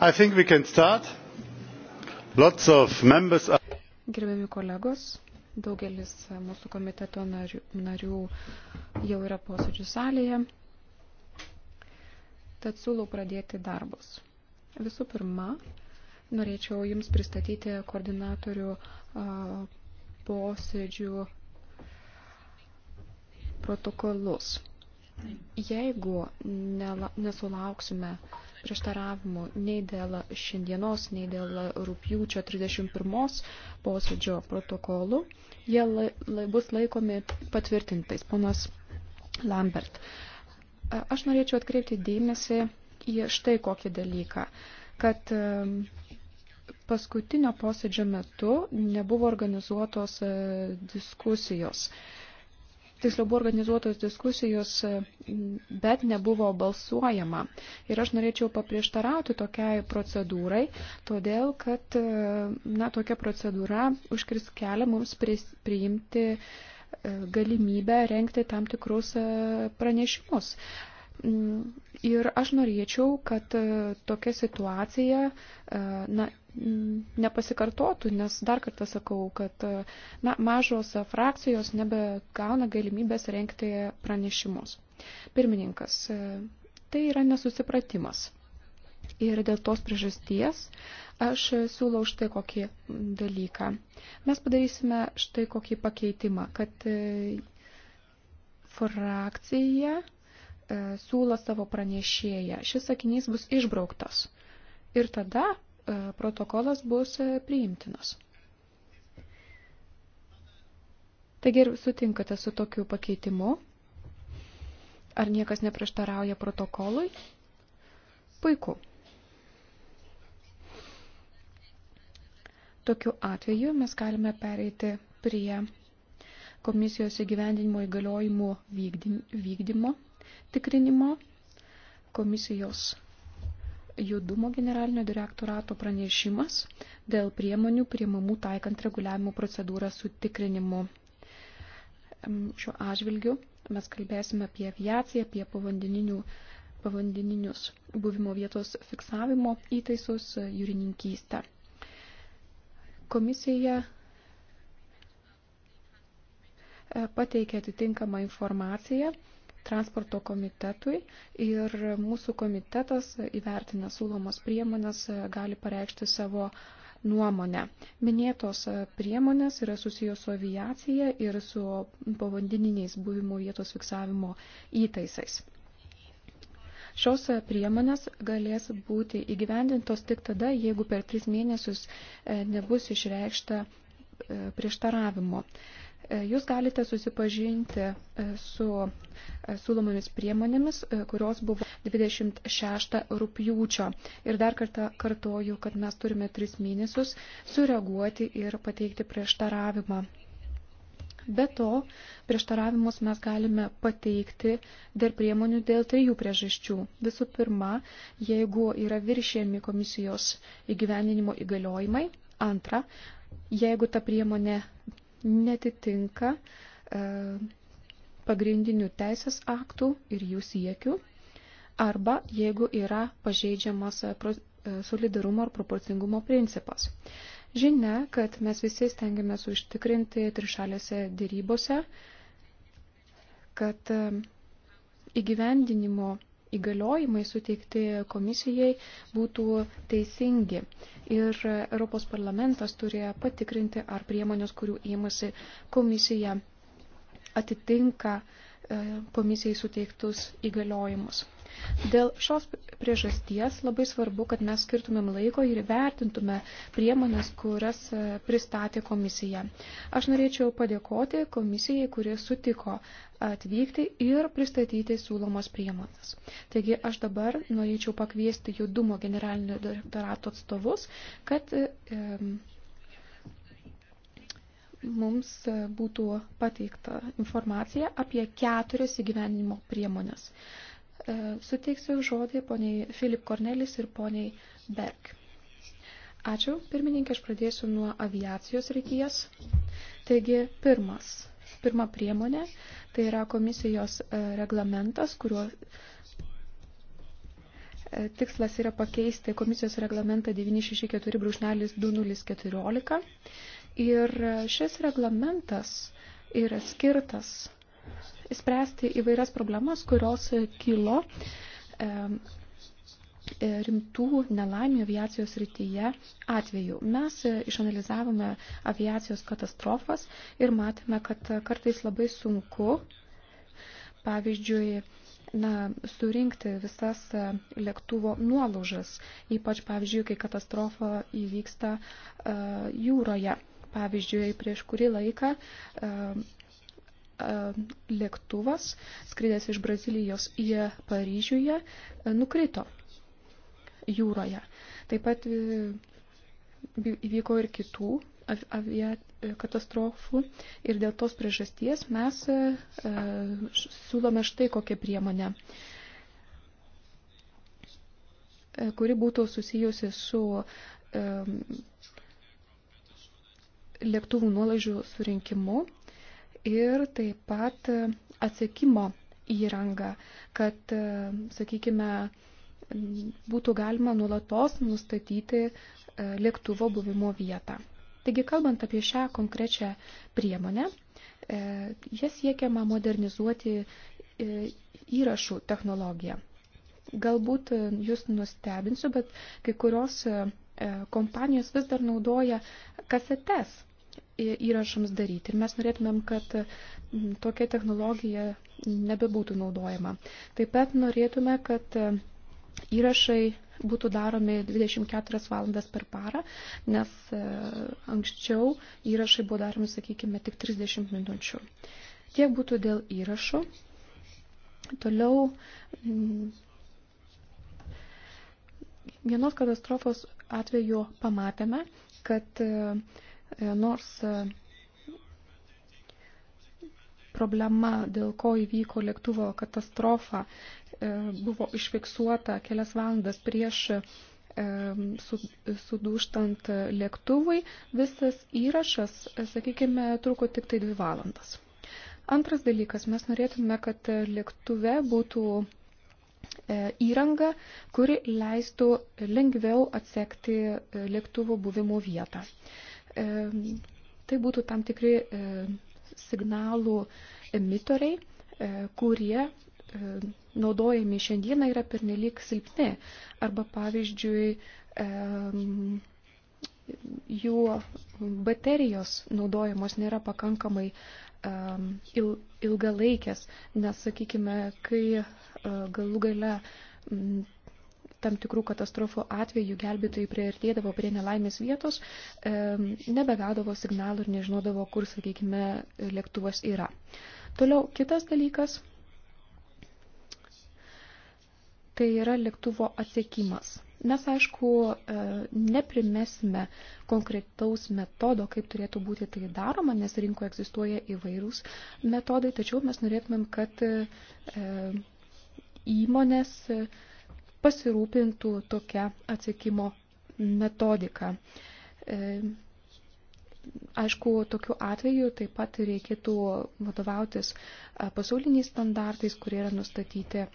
I think we can start. Lots of members are... Gerbiami kolegos, daugelis mūsų komiteto narių, narių jau yra posėdžių salėje, tad siūlau pradėti darbus. Visų pirma, norėčiau Jums pristatyti koordinatorių posėdžių protokolus. Jeigu nesulauksime uh, prieštaravimų nei dėl šiandienos, nei dėl rūpjūčio 31 posėdžio protokolų. Jie lai, lai, bus laikomi patvirtintais, ponas Lambert. Aš norėčiau atkreipti dėmesį į štai kokį dalyką, kad paskutinio posėdžio metu nebuvo organizuotos e, diskusijos. Uh, tiksliau buvo organizuotos diskusijos, bet nebuvo balsuojama. Ir aš norėčiau paprieštarauti tokiai procedūrai, todėl kad e, na, tokia procedūra užkris kelią mums priimti e, galimybę renkti tam tikrus e, pranešimus. Ir aš norėčiau, kad e, tokia situacija e, na, nepasikartotų, nes dar kartą sakau, kad e, na, mažos frakcijos nebegauna galimybės renkti pranešimus. Pirmininkas, tai yra nesusipratimas. Ir dėl tos priežasties aš siūlau štai kokį dalyką. Mes padarysime štai kokį pakeitimą, kad frakcija E, siūlo savo pranešėją. Šis sakinys bus išbrauktas ir tada e, protokolas bus e, priimtinas. Taigi ir sutinkate su tokiu pakeitimu? Ar niekas neprieštarauja protokolui? Puiku. Tokiu atveju mes galime pereiti prie komisijos įgyvendinimo įgaliojimų vykdymo tikrinimo. Komisijos judumo generalinio direktorato pranešimas dėl priemonių priimamų taikant reguliavimo procedūrą su tikrinimu. Šiuo atžvilgiu mes kalbėsime apie aviaciją, apie povandeninių pavandeninius buvimo vietos fiksavimo įtaisus e, jūrininkystę. Komisija e, pateikia atitinkamą informaciją transporto komitetui ir mūsų komitetas įvertinę siūlomos priemonės e, gali pareikšti savo nuomonę. Minėtos e, priemonės yra susijęs su aviacija ir su povandeniniais buvimo vietos fiksavimo įtaisais. Šios e, priemonės galės būti įgyvendintos tik tada, jeigu per tris mėnesius nebus išreikšta prieštaravimo. E, jūs galite susipažinti e, su e, siūlomomis priemonėmis, kurios buvo 26 rūpjūčio. Ir dar kartą kartoju, kad mes turime 3 mėnesius sureaguoti ir pateikti prieštaravimą. Be to, prieštaravimus mes galime pateikti dar priemonių dėl trijų priežasčių. Visų pirma, jeigu yra viršėjami komisijos įgyveninimo įgaliojimai. Antra, jeigu ta priemonė netitinka e, pagrindinių teisės aktų ir jų siekių, arba jeigu yra pažeidžiamas e, e, solidarumo ar proporcingumo principas. Žinia, kad mes visi stengiamės užtikrinti trišalėse dėrybose, kad įgyvendinimo įgaliojimai suteikti komisijai būtų teisingi. Ir Europos parlamentas turėjo patikrinti, ar priemonės, kurių ėmasi komisija, atitinka e, komisijai suteiktus įgaliojimus. Dėl šios priežasties labai svarbu, kad mes skirtumėm laiko ir vertintume priemonės, kurias e, pristatė komisija. Aš norėčiau padėkoti komisijai, kurie sutiko atvykti ir pristatyti siūlomos priemonės. Taigi aš dabar norėčiau pakviesti judumo generalinio direktorato atstovus, kad e, mums e, būtų pateikta informacija apie keturias įgyvenimo priemonės. E, E, suteiksiu žodį poniai Filip Kornelis ir poniai Berg. Ačiū. Pirmininkė, aš pradėsiu nuo aviacijos ryties. Taigi, pirmas, pirma priemonė, tai yra komisijos e, reglamentas, kuriuo e, tikslas yra pakeisti komisijos reglamentą 964-2014. Ir šis reglamentas yra skirtas spręsti įvairias problemas, kurios kilo rimtų nelaimių aviacijos rytyje atveju. Mes e, išanalizavome aviacijos katastrofas ir matėme, kad e, kartais labai sunku, pavyzdžiui, na, surinkti visas e, lėktuvo nuolaužas, ypač, pavyzdžiui, kai katastrofa įvyksta uh, jūroje. Pavyzdžiui, prieš kurį laiką uh, lėktuvas, skridęs iš Brazilijos į Paryžiuje, nukrito jūroje. Taip pat įvyko ir kitų avia katastrofų ir dėl tos priežasties mes siūlome štai kokią priemonę, kuri būtų susijusi su lėktuvų nuolaidžių surinkimu ir taip pat e, atsiekimo įrangą, kad, e, sakykime, būtų galima nulatos nustatyti e, lėktuvo buvimo vietą. Taigi, kalbant apie šią konkrečią priemonę, jie siekiama modernizuoti įrašų technologiją. Galbūt jūs nustebinsiu, bet kai kurios kompanijos vis dar naudoja kasetes įrašams daryti. Ir mes norėtumėm, kad tokia technologija nebebūtų naudojama. Taip pat norėtume, kad e, įrašai būtų daromi 24 valandas per parą, nes e, anksčiau įrašai buvo daromi, sakykime, tik 30 minučių. Tiek būtų dėl įrašų. Toliau vienos katastrofos atveju pamatėme, kad e, E, nors e, problema, dėl ko įvyko lėktuvo katastrofa, e, buvo išfiksuota kelias valandas prieš sudūštant lėktuvui, visas įrašas, sakykime, truko tik tai dvi valandas. Antras dalykas, mes norėtume, kad lėktuve būtų įranga, kuri leistų lengviau atsekti lėktuvo buvimo vietą. Tai būtų tam tikri signalų emitoriai, e, kurie naudojami šiandieną yra pernelyg silpni. Arba pavyzdžiui, jų baterijos naudojamos nėra pakankamai ilgalaikės, nes, sakykime, kai e, galų gale tam tikrų katastrofų atveju gelbėtojai priartėdavo prie nelaimės vietos, e, nebegaudavo signalų ir nežinodavo, kur, sakykime, lėktuvas yra. Toliau kitas dalykas – tai yra lėktuvo atsiekimas. Mes, aišku, e, neprimesime konkretaus metodo, kaip turėtų būti tai daroma, nes rinkoje egzistuoja įvairūs metodai, tačiau mes norėtumėm, kad e, įmonės pasirūpintų tokia atsiekimo metodika. E, aišku, tokiu atveju taip pat reikėtų vadovautis e, pasauliniais standartais, kurie yra nustatyti e,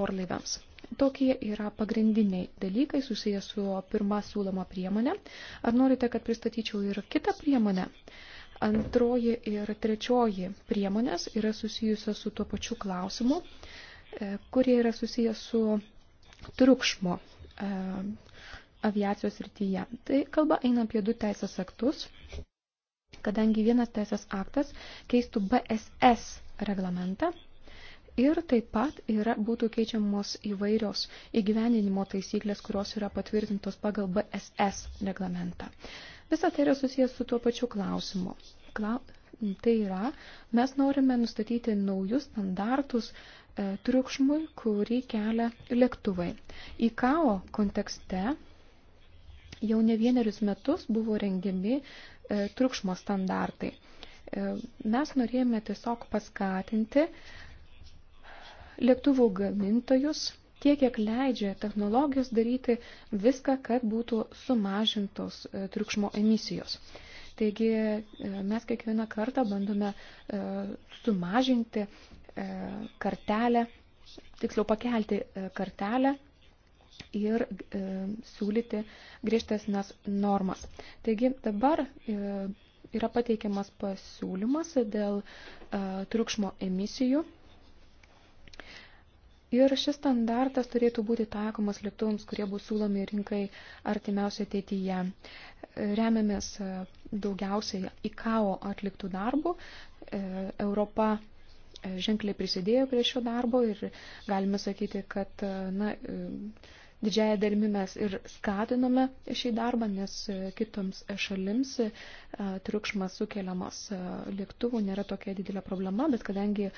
orlaiviams. Tokie yra pagrindiniai dalykai susijęs su pirma siūloma priemonė. Ar norite, kad pristatyčiau ir kitą priemonę? Antroji ir trečioji priemonės yra susijusios su tuo pačiu klausimu, kurie yra susijęs su triukšmo e, aviacijos rytyje. Tai kalba eina apie du teisės aktus, kadangi vienas teisės aktas keistų BSS reglamentą ir taip pat yra, būtų keičiamos įvairios įgyvendinimo taisyklės, kurios yra patvirtintos pagal BSS reglamentą. Visa tai yra susijęs su tuo pačiu klausimu. Klau... Tai yra, mes norime nustatyti naujus standartus triukšmui, kurį kelia lėktuvai. IKAO kontekste jau ne vienerius metus buvo rengiami e, triukšmo standartai. E, mes norėjome tiesiog paskatinti lėktuvų gamintojus tiek, kiek leidžia technologijos daryti viską, kad būtų sumažintos e, triukšmo emisijos. Taigi mes kiekvieną kartą bandome sumažinti E, kartelę, tiksliau pakelti e, kartelę ir e, siūlyti griežtesnės normas. Taigi dabar e, yra pateikiamas pasiūlymas dėl e, triukšmo emisijų. Ir šis standartas turėtų būti taikomas lėktuvams, kurie bus siūlomi rinkai artimiausioje ateityje. Remiamės e, daugiausiai ICAO atliktų darbų. Europa ženkliai prisidėjo prie šio darbo ir galime sakyti, kad na, didžiaja dalimi mes ir skatinome šį darbą, nes kitoms šalims e, triukšmas sukeliamas e, lėktuvų nėra tokia didelė problema, bet kadangi e,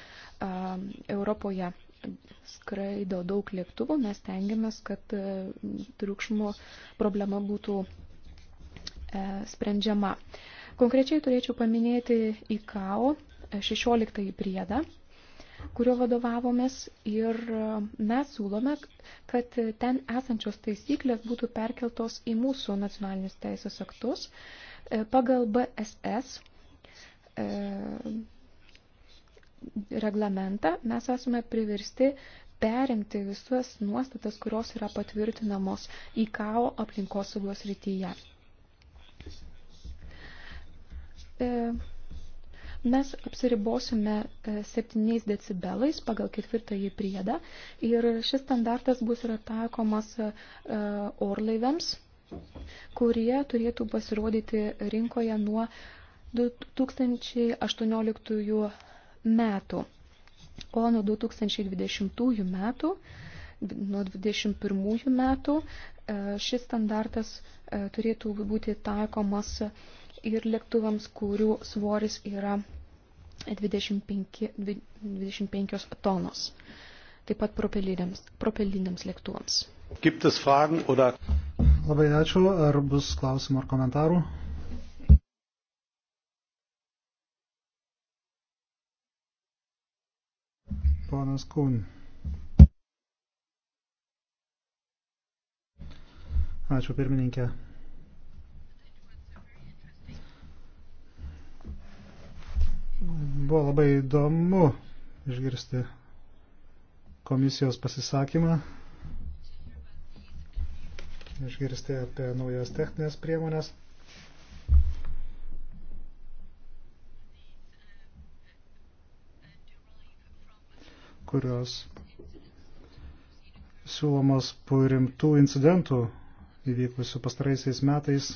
Europoje skraido daug lėktuvų, mes tengiamės, kad triukšmo problema būtų sprendžiama. Konkrečiai turėčiau paminėti ICAO 16 priedą, kurio vadovavomės ir e, mes siūlome, kad ten esančios taisyklės būtų perkeltos į mūsų nacionalinius teisės aktus e, pagal BSS e, reglamentą mes esame priversti perimti visas nuostatas, kurios yra patvirtinamos į KAO aplinkosaugos rytyje. E, mes apsiribosime 7 e, decibelais pagal ketvirtąjį priedą ir šis standartas bus yra taikomas e, orlaiviams, kurie turėtų pasirodyti rinkoje nuo 2018 metų. O nuo 2020 metų, nuo 2021 metų e, šis standartas turėtų būti taikomas ir lėktuvams, kurių svoris yra 25, 25 tonos. Taip pat propeliniams, propeliniams lėktuvams. Gibt es Fragen oder? Labai ačiū. Ar bus klausimų ar komentarų? Ponas Kūn. Ačiū pirmininkė. Buvo labai įdomu išgirsti komisijos pasisakymą, išgirsti apie naujas techninės priemonės. kurios siūlomos po rimtų incidentų įvykusių pastaraisiais metais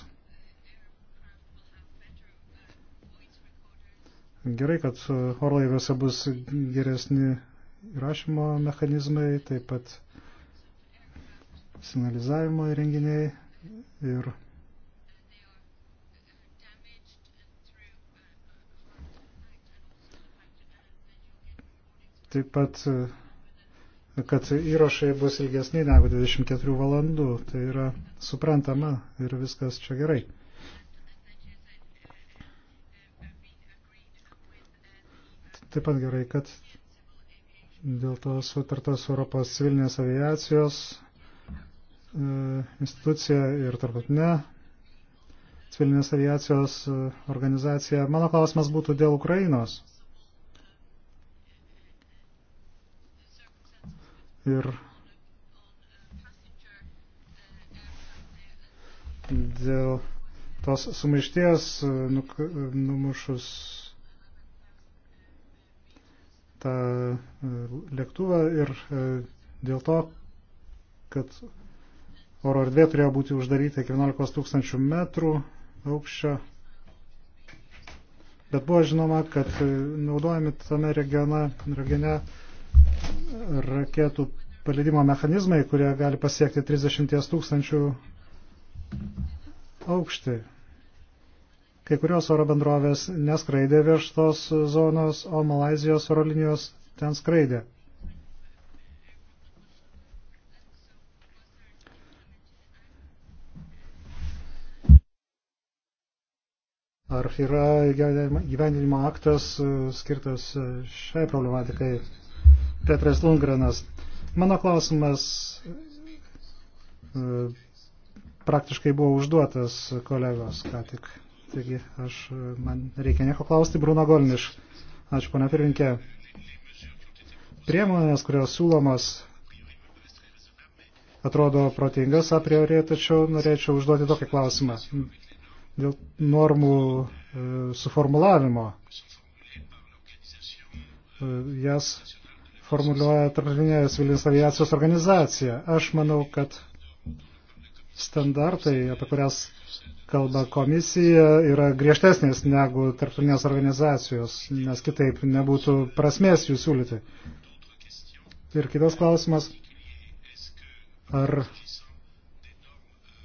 Gerai, kad orlaiviuose bus geresni įrašymo mechanizmai, taip pat signalizavimo įrenginiai ir taip pat, kad įrašai bus ilgesni negu 24 valandų. Tai yra suprantama ir viskas čia gerai. taip pat gerai, kad dėl to sutartos Europos civilinės aviacijos e, institucija ir tarptautinė civilinės aviacijos e, organizacija. Mano klausimas būtų dėl Ukrainos. Ir dėl tos sumaišties e, numušus tą e, lėktuvą ir e, dėl to, kad oro erdvė turėjo būti uždaryta iki 11 tūkstančių metrų aukščio. Bet buvo žinoma, kad e, naudojami tame regione, regione raketų paleidimo mechanizmai, kurie gali pasiekti 30 tūkstančių aukštį. Kai kurios oro bendrovės neskraidė virš tos zonos, o Malazijos oro linijos ten skraidė. Ar yra gyvenimo aktas e, skirtas e, šiai problematikai? Petras Lundgrenas. Mano klausimas e, praktiškai buvo užduotas kolegos ką tik. Taigi aš, e, man reikia nieko klausti, Bruno Golniš. Ačiū, pana pirminkė. Priemonės, kurios siūlomos, atrodo protingas a priori, tačiau norėčiau užduoti tokį klausimą dėl normų e, suformulavimo. E, jas formuliuoja Tarptautinė civilinės aviacijos organizacija. Aš manau, kad standartai, apie kurias kalba komisija, yra griežtesnės negu tarptautinės organizacijos, nes kitaip nebūtų prasmės jų siūlyti. Ir kitas klausimas, ar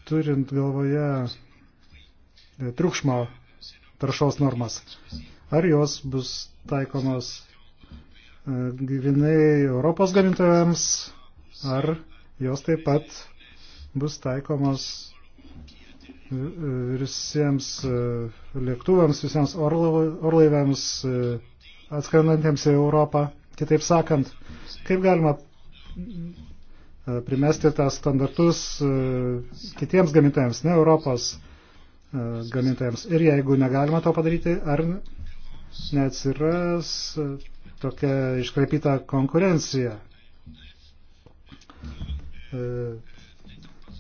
turint galvoje e, triukšmo taršos normas, ar jos bus taikomos e, gyvinai Europos gamintojams, ar jos taip pat bus taikomos visiems e, lėktuvams, visiems orlaiviams e, atskrendantiems į Europą. Kitaip sakant, kaip galima e, primesti tą standartus kitiems gamintojams, ne Europos gamintojams. Ir jeigu negalima to padaryti, ar neatsiras tokia iškraipyta konkurencija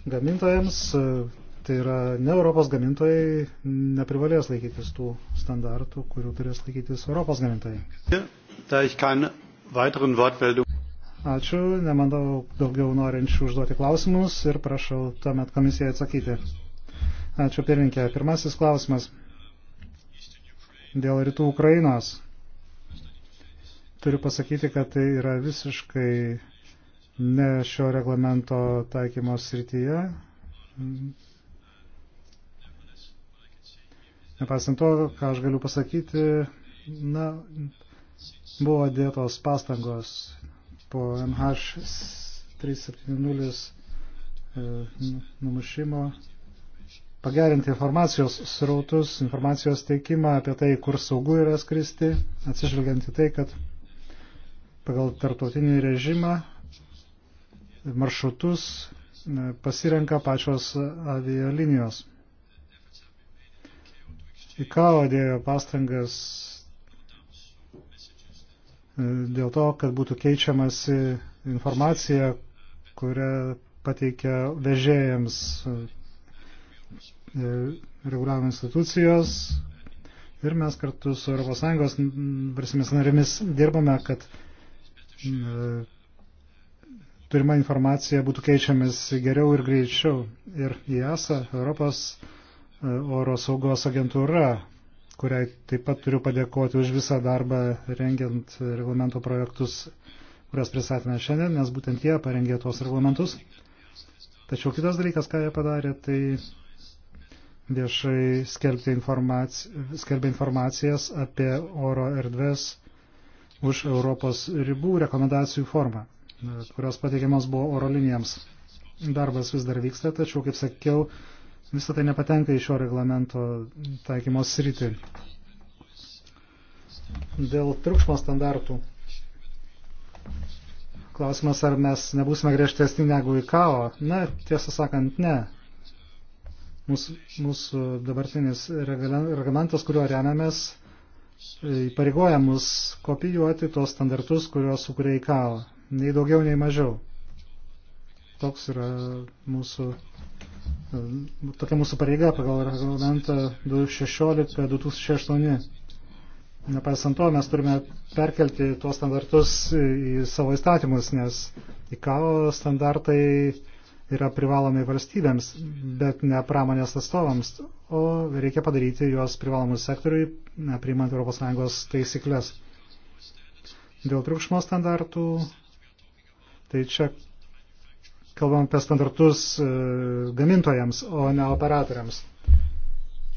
gamintojams tai yra ne Europos gamintojai neprivalės laikytis tų standartų, kurių turės laikytis Europos gamintojai. Ačiū, nemanau daugiau norinčių užduoti klausimus ir prašau tuomet komisijai atsakyti. Ačiū pirminkė. Pirmasis klausimas dėl rytų Ukrainos. Turiu pasakyti, kad tai yra visiškai ne šio reglamento taikymos srityje Nepaisant to, ką aš galiu pasakyti, na, buvo dėtos pastangos po MH370 e, numušimo pagerinti informacijos srautus, informacijos teikimą apie tai, kur saugu yra skristi, atsižvelgiant į tai, kad pagal tarptautinį režimą maršrutus e, pasirenka pačios avialinijos. linijos. ICAO dėjo pastangas e, dėl to, kad būtų keičiamasi informacija, kurią pateikia vežėjams e, e, reguliavimo institucijos. Ir mes kartu su ES varsimis narėmis dirbame, kad turima informacija būtų keičiamis geriau ir greičiau. Ir EASA, Europos E, oro saugos agentūra, kuriai taip pat turiu padėkoti už visą darbą rengiant reglamento projektus, kurias pristatėme šiandien, nes būtent jie parengė tuos reglamentus. Tačiau kitas dalykas, ką jie padarė, tai viešai skelbti informaciją, skelbė informacijas apie oro erdves už Europos ribų rekomendacijų formą, kurios pateikiamas buvo oro linijams. Darbas vis dar vyksta, tačiau, kaip sakiau, Visą tai nepatenka į šio reglamento taikymos sritį. Dėl triukšmo standartų. Klausimas, ar mes nebūsime griežtesni negu į KAO? Na, tiesą sakant, ne. Mūsų, mūsų dabartinis reglamentas, kuriuo remiamės, įpareigoja mus kopijuoti tuos standartus, kuriuos sukuria į KAO. Nei daugiau, nei mažiau. Toks yra mūsų Ehm, tokia mūsų pareiga pagal reglamentą 216-2008. Nepaisant to, mes turime perkelti tuos standartus į savo įstatymus, nes IKAO standartai yra privalomi valstybėms, bet ne pramonės atstovams, o reikia padaryti juos privalomus sektoriui, priimant ES taisyklės. Dėl triukšmo standartų, tai čia kalbam apie standartus e, gamintojams, o ne operatoriams.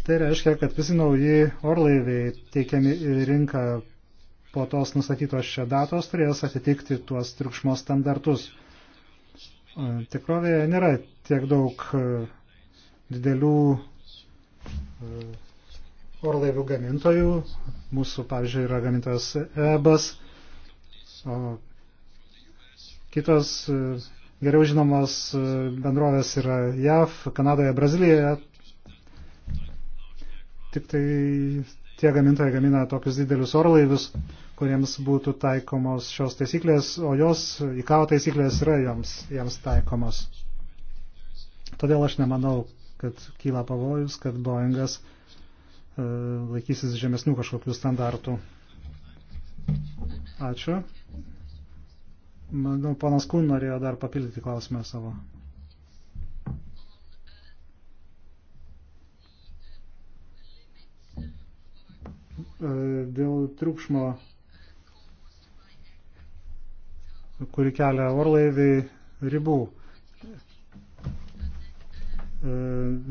Tai reiškia, kad visi nauji orlaiviai teikiami į rinką po tos nustatytos čia datos turės atitikti tuos triukšmo standartus. E, tikrovėje nėra tiek daug e, didelių orlaivių gamintojų. Mūsų, pavyzdžiui, yra gamintojas EBAS, o kitos Geriau žinomos e, bendrovės yra JAV, Kanadoje, Brazilijoje. Tik tai tie gamintojai gamina tokius didelius orlaivius, kuriems būtų taikomos šios taisyklės, o jos įkavo taisyklės yra joms, jiems taikomos. Todėl aš nemanau, kad kyla pavojus, kad Boeingas e, laikysis žemesnių kažkokių standartų. Ačiū. Manau, panas Kun norėjo dar papildyti klausimą savo. E, dėl triukšmo, kurį kelia orlaiviai ribų. E,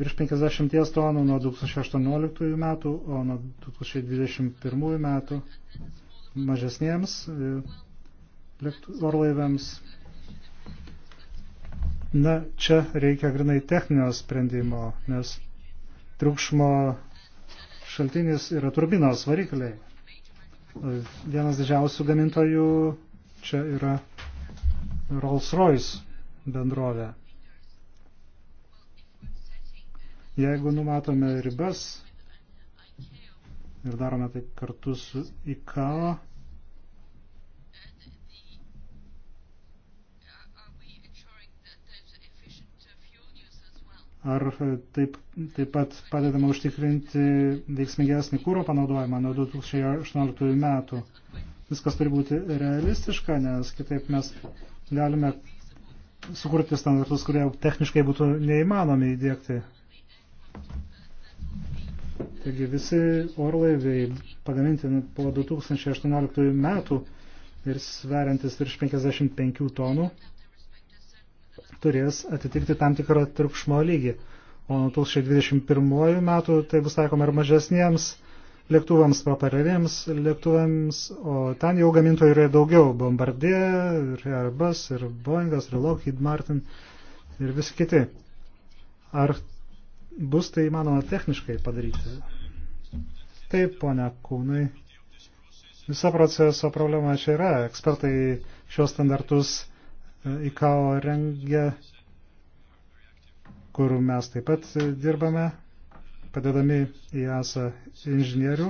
virš 50 tonų nuo 2018 metų, o nuo 2021 metų mažesniems e, orlaiviams. Na, čia reikia grinai techninio sprendimo, nes triukšmo šaltinis yra turbinos varikliai. Vienas didžiausių gamintojų čia yra Rolls-Royce bendrovė. Jeigu numatome ribas ir darome tai kartu su ICAO, Ar taip, taip pat padedama užtikrinti veiksmingesnį kūro panaudojimą nuo 2018 metų? Viskas turi būti realistiška, nes kitaip mes galime sukurti standartus, kurie techniškai būtų neįmanomi įdėkti. Taigi visi orlaiviai pagaminti po 2018 metų ir sveriantis virš 55 tonų turės atitikti tam tikrą triukšmo lygį. O nuo 2021 metų tai bus taikoma ir mažesniems lėktuvams, paparelėms lėktuvams, o ten jau gamintojų yra daugiau - Bombardier, ir Airbus, ir Boeingas, ir Lockheed Martin ir visi kiti. Ar bus tai įmanoma techniškai padaryti? Taip, ponia Kūnai. Visa proceso problema čia yra. Ekspertai šios standartus IKAO rengia, kur mes taip pat dirbame, padedami į ESA inžinierių,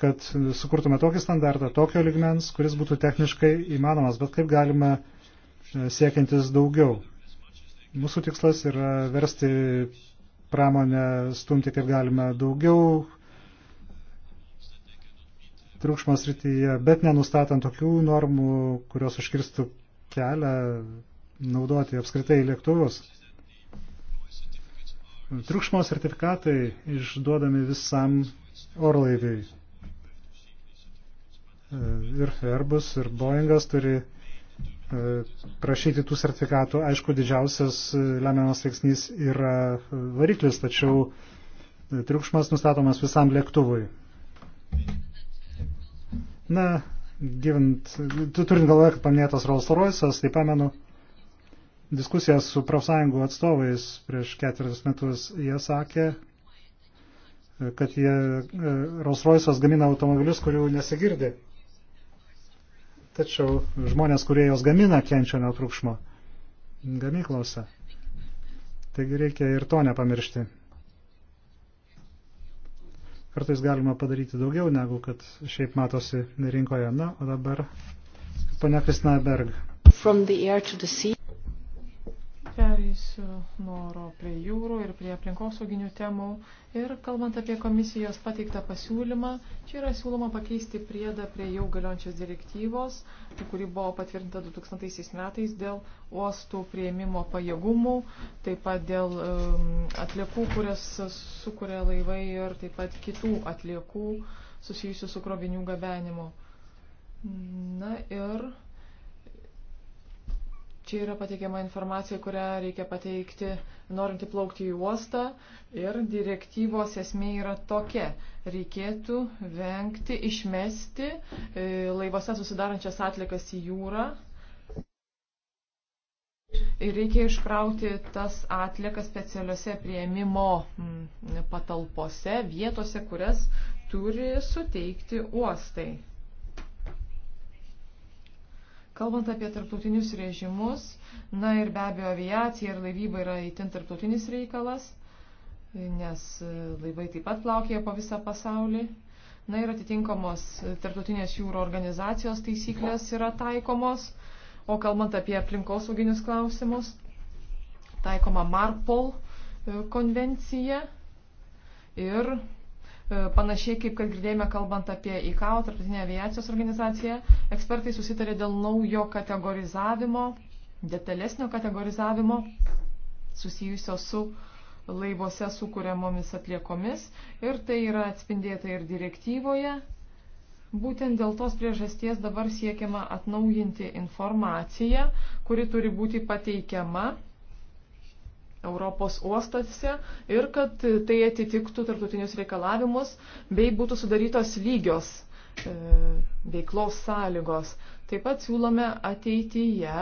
kad sukurtume tokį standartą, tokio ligmens, kuris būtų techniškai įmanomas, bet kaip galima e, siekiantis daugiau. Mūsų tikslas yra versti pramonę stumti kaip galima daugiau triukšmas rytyje, bet nenustatant tokių normų, kurios užkirstų kelią naudoti apskritai lėktuvus. Triukšmo sertifikatai išduodami visam orlaiviai. Ir Airbus, ir Boeingas turi e, prašyti tų sertifikatų. Aišku, didžiausias e, lemiamas veiksnys yra e, variklis, tačiau triukšmas nustatomas visam lėktuvui. Na, gyvent, turint galvoje, kad paminėtas Rolls Royce'as, tai pamenu diskusiją su profsąjungų atstovais prieš keturis metus. Jie sakė, kad jie e, Rolls Royce'as gamina automobilius, kurių nesigirdi. Tačiau žmonės, kurie jos gamina, kenčia nuo triukšmo gamyklose. Taigi reikia ir to nepamiršti. Kartais galima padaryti daugiau, negu kad šiaip matosi rinkoje. Na, o dabar ponia Kristina Berg. From the air to the sea pereisiu nuo oro prie jūrų ir prie aplinkosauginių temų. Ir kalbant apie komisijos pateiktą pasiūlymą, čia yra siūloma pakeisti priedą prie jau galiojančios direktyvos, kuri buvo patvirtinta 2000 metais dėl uostų prieimimo pajėgumų, taip pat dėl um, atliekų, kurias sukuria laivai ir taip pat kitų atliekų susijusių su krovinių gabenimu. Na ir Čia yra pateikiama informacija, kurią reikia pateikti norint įplaukti į uostą. Ir direktyvos esmė yra tokia. Reikėtų vengti, išmesti e, laivose susidarančias atlikas į jūrą. Ir reikia iškrauti tas atliekas specialiuose prieimimo mm, patalpose, vietose, kurias turi suteikti uostai. Kalbant apie tarptautinius režimus, na ir be abejo aviacija ir laivyba yra įtin tarptautinis reikalas, nes e, laivai taip pat plaukė po visą pasaulį. Na ir atitinkamos tarptautinės jūro organizacijos taisyklės yra taikomos, o kalbant apie aplinkosauginius klausimus, taikoma Marpol e, konvencija ir E, panašiai kaip kad girdėjome kalbant apie ICAO, Tarptautinę aviacijos organizaciją, ekspertai susitarė dėl naujo kategorizavimo, detalesnio kategorizavimo susijusio su laivuose sukūriamomis atliekomis ir tai yra atspindėta ir direktyvoje. Būtent dėl tos priežasties dabar siekiama atnaujinti informaciją, kuri turi būti pateikiama Europos uostose ir kad tai atitiktų tarptautinius reikalavimus bei būtų sudarytos lygios e, veiklos sąlygos. Taip pat siūlome ateityje,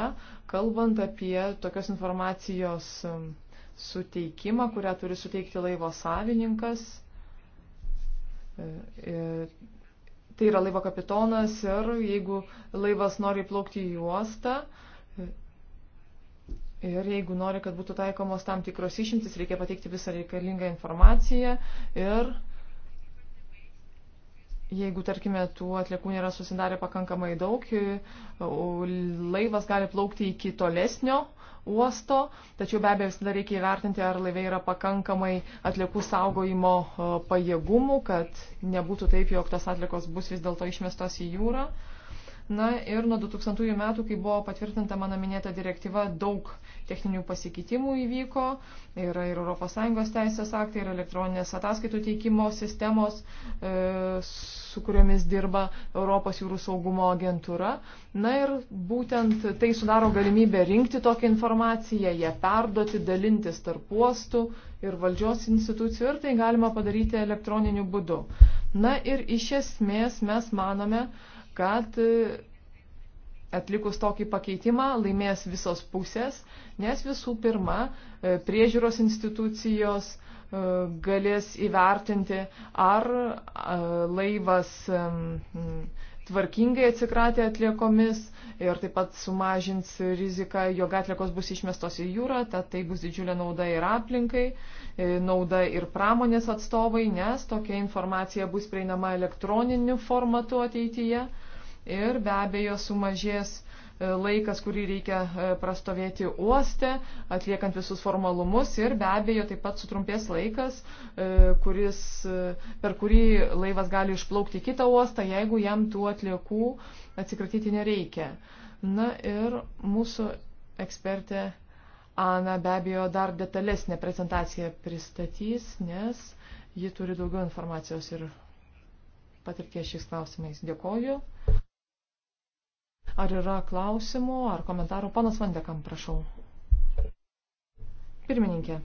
kalbant apie tokios informacijos e, suteikimą, kurią turi suteikti laivo savininkas. E, e, tai yra laivo kapitonas ir jeigu laivas nori plaukti į uostą, e, Ir jeigu nori, kad būtų taikomos tam tikros išimtis, reikia pateikti visą reikalingą informaciją ir jeigu, tarkime, tų atliekų nėra susidarę pakankamai daug, laivas gali plaukti iki tolesnio uosto, tačiau be abejo visada reikia įvertinti, ar laive yra pakankamai atliekų saugojimo pajėgumų, kad nebūtų taip, jog tas atliekos bus vis dėlto išmestos į jūrą. Na ir nuo 2000 metų, kai buvo patvirtinta mano minėta direktyva, daug techninių pasikeitimų įvyko. Yra ir ES teisės aktai, ir elektroninės ataskaitų teikimo sistemos, e, su kuriomis dirba Europos jūrų saugumo agentūra. Na ir būtent tai sudaro galimybę rinkti tokią informaciją, ją perduoti, dalintis tarp uostų ir valdžios institucijų ir tai galima padaryti elektroniniu būdu. Na ir iš esmės mes manome, kad e, atlikus tokį pakeitimą laimės visos pusės, nes visų pirma e, priežiūros institucijos e, galės įvertinti, ar laivas tvarkingai atsikratė atliekomis ir taip pat sumažins riziką, jog atliekos bus išmestos į jūrą, tad tai bus didžiulė nauda ir aplinkai, nauda ir pramonės atstovai, nes tokia informacija bus prieinama elektroniniu formatu ateityje ir be abejo sumažės e, laikas, kurį reikia e, prastovėti uoste, atliekant visus formalumus ir be abejo taip pat sutrumpės laikas, e, kuris, per kurį laivas gali išplaukti į kitą uostą, jeigu jam tų atliekų atsikratyti nereikia. Na ir mūsų ekspertė Ana be abejo dar detalesnę prezentaciją pristatys, nes ji turi daugiau informacijos ir patirties šiais klausimais. Dėkoju. Ar yra klausimų ar komentarų? Panas Vandekam, prašau. Pirmininkė.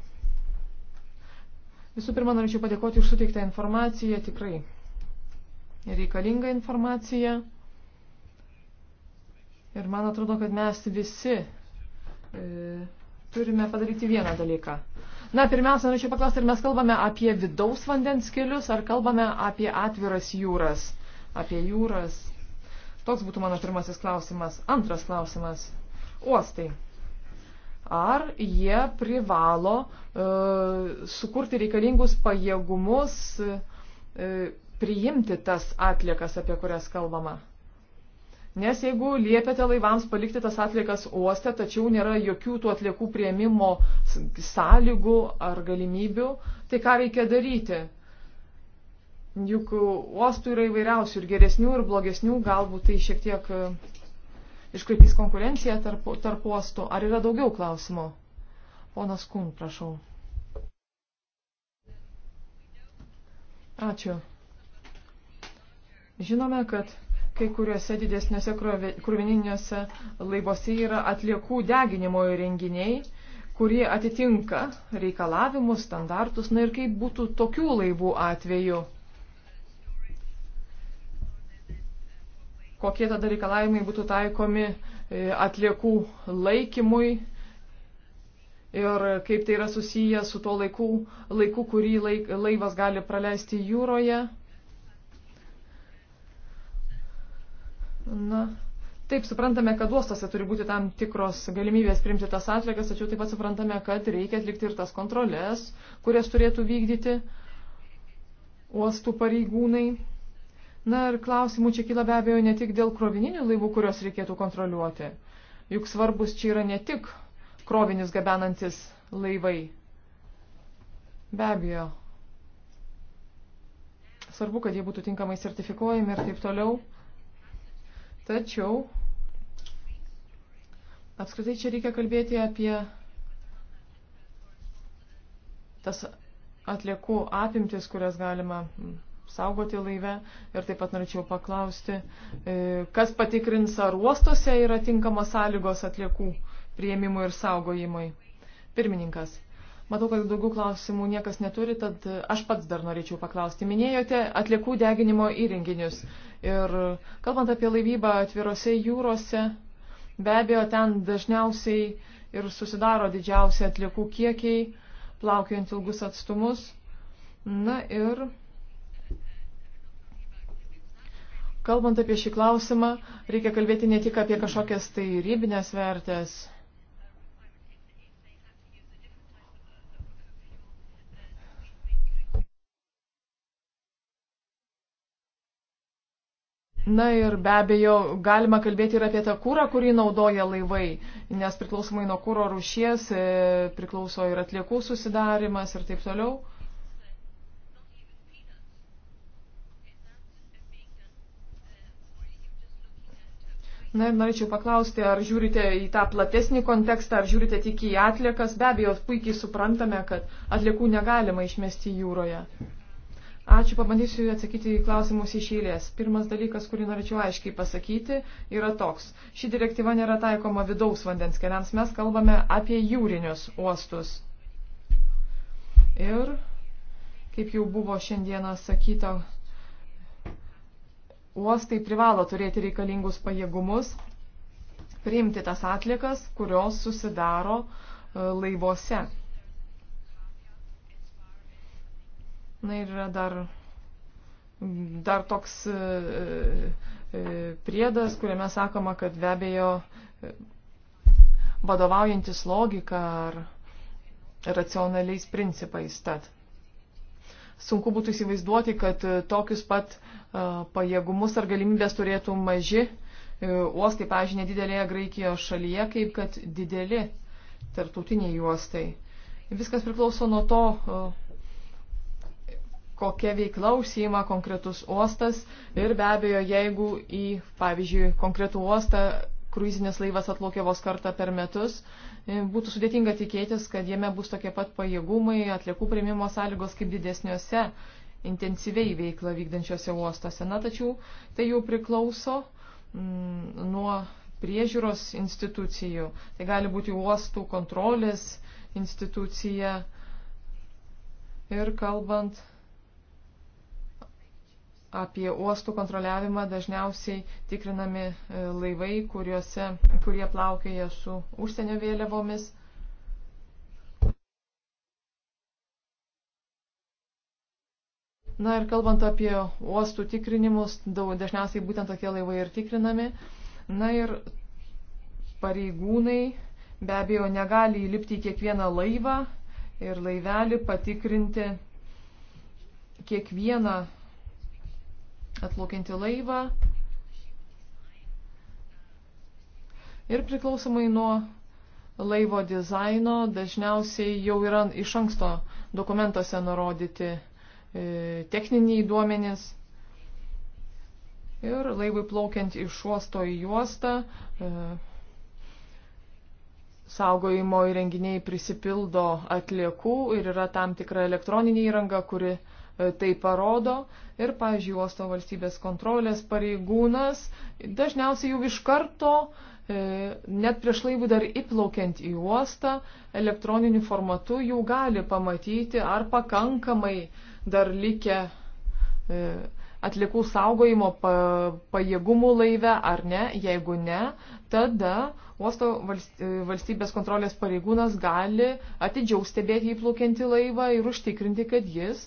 Visų pirma, norėčiau padėkoti už suteiktą informaciją, tikrai reikalinga informacija. Ir man atrodo, kad mes visi e, turime padaryti vieną dalyką. Na, pirmiausia, norėčiau paklausti, ar mes kalbame apie vidaus vandens kelius, ar kalbame apie atviras jūras, apie jūras, Toks būtų mano pirmasis klausimas. Antras klausimas. Uostai. Ar jie privalo e, sukurti reikalingus pajėgumus e, priimti tas atliekas, apie kurias kalbama? Nes jeigu liepiate laivams palikti tas atliekas uoste, tačiau nėra jokių tų atliekų prieimimo sąlygų ar galimybių, tai ką reikia daryti? Juk uostų yra įvairiausių ir geresnių, ir blogesnių, galbūt tai šiek tiek e, iškraipys konkurenciją tarp, tarp uostų. Ar yra daugiau klausimų? Ponas Kun, prašau. Ačiū. Žinome, kad kai kuriuose didesniuose krovininėse laivuose yra atliekų deginimo įrenginiai, kurie atitinka reikalavimus, standartus. Na ir kaip būtų tokių laivų atveju? kokie tada reikalavimai būtų taikomi e, atliekų laikymui ir kaip tai yra susiję su tuo laiku, laiku kurį laik, laivas gali praleisti jūroje. Na, Taip, suprantame, kad uostose turi būti tam tikros galimybės priimti tas atliekas, tačiau taip pat suprantame, kad reikia atlikti ir tas kontrolės, kurias turėtų vykdyti uostų pareigūnai. Na ir klausimų čia kyla be abejo ne tik dėl krovininių laivų, kuriuos reikėtų kontroliuoti. Juk svarbus čia yra ne tik krovinis gabenantis laivai. Be abejo. Svarbu, kad jie būtų tinkamai sertifikuojami ir taip toliau. Tačiau apskritai čia reikia kalbėti apie tas atliekų apimtis, kurias galima saugoti laive. Ir taip pat norėčiau paklausti, e, kas patikrins, ar uostuose yra tinkamos sąlygos atliekų prieimimui ir saugojimui. Pirmininkas. Matau, kad daugiau klausimų niekas neturi, tad aš pats dar norėčiau paklausti. Minėjote atliekų deginimo įrenginius. Ir kalbant apie laivybą atvirose jūrose, be abejo, ten dažniausiai ir susidaro didžiausi atliekų kiekiai, plaukiant ilgus atstumus. Na ir Kalbant apie šį klausimą, reikia kalbėti ne tik apie kažkokias tai rybinės vertės. Na ir be abejo, galima kalbėti ir apie tą kūrą, kurį naudoja laivai, nes priklausomai nuo kūro rūšies e, priklauso ir atliekų susidarimas ir taip toliau. Na ir norėčiau paklausti, ar žiūrite į tą platesnį kontekstą, ar žiūrite tik į atliekas. Be abejo, puikiai suprantame, kad atliekų negalima išmesti jūroje. Ačiū, pabandysiu atsakyti į klausimus iš eilės. Pirmas dalykas, kurį norėčiau aiškiai pasakyti, yra toks. Ši direktyva nėra taikoma vidaus vandens keliams, mes kalbame apie jūrinius uostus. Ir, kaip jau buvo šiandieną sakyta, uostai privalo turėti reikalingus pajėgumus priimti tas atlikas, kurios susidaro e, laivuose. Na ir yra dar, dar toks e, e, priedas, kuriame sakoma, kad be abejo vadovaujantis logika ar racionaliais principais. Tad sunku būtų įsivaizduoti, kad tokius pat E, pajėgumus ar galimybės turėtų maži e, uostai, pavyzdžiui, nedidelėje Graikijos šalyje, kaip kad dideli tartutiniai uostai. Viskas priklauso nuo to, e, kokia veikla užsijima konkretus uostas ir be abejo, jeigu į, pavyzdžiui, konkretų uostą kruizinės laivas atplaukia vos kartą per metus, būtų sudėtinga tikėtis, kad jame bus tokie pat pajėgumai, atliekų primimo sąlygos kaip didesniuose intensyviai veiklą vykdančiose uostose. Na, tačiau tai jau priklauso mm, nuo priežiūros institucijų. Tai gali būti uostų kontrolės institucija. Ir kalbant apie uostų kontroliavimą, dažniausiai tikrinami e, laivai, kuriuose, kurie plaukėja su užsienio vėliavomis. Na ir kalbant apie uostų tikrinimus, daug, dažniausiai būtent tokie laivai ir tikrinami. Na ir pareigūnai be abejo negali įlipti į kiekvieną laivą ir laivelį patikrinti kiekvieną atplaukiantį laivą. Ir priklausomai nuo laivo dizaino dažniausiai jau yra iš anksto dokumentuose nurodyti E, techniniai duomenys. Ir laivui plaukiant iš uosto į juostą, e, saugojimo įrenginiai prisipildo atliekų ir yra tam tikra elektroninė įranga, kuri e, tai parodo. Ir, pažiūrėjau, uosto valstybės kontrolės pareigūnas dažniausiai jau iš karto, net prieš laivų dar įplaukiant į uostą, elektroniniu formatu jau gali pamatyti, ar pakankamai dar likę e, atlikų saugojimo pajėgumų laive ar ne. Jeigu ne, tada uosto e, valstybės kontrolės pareigūnas gali atidžiau stebėti įplaukiantį laivą ir užtikrinti, kad jis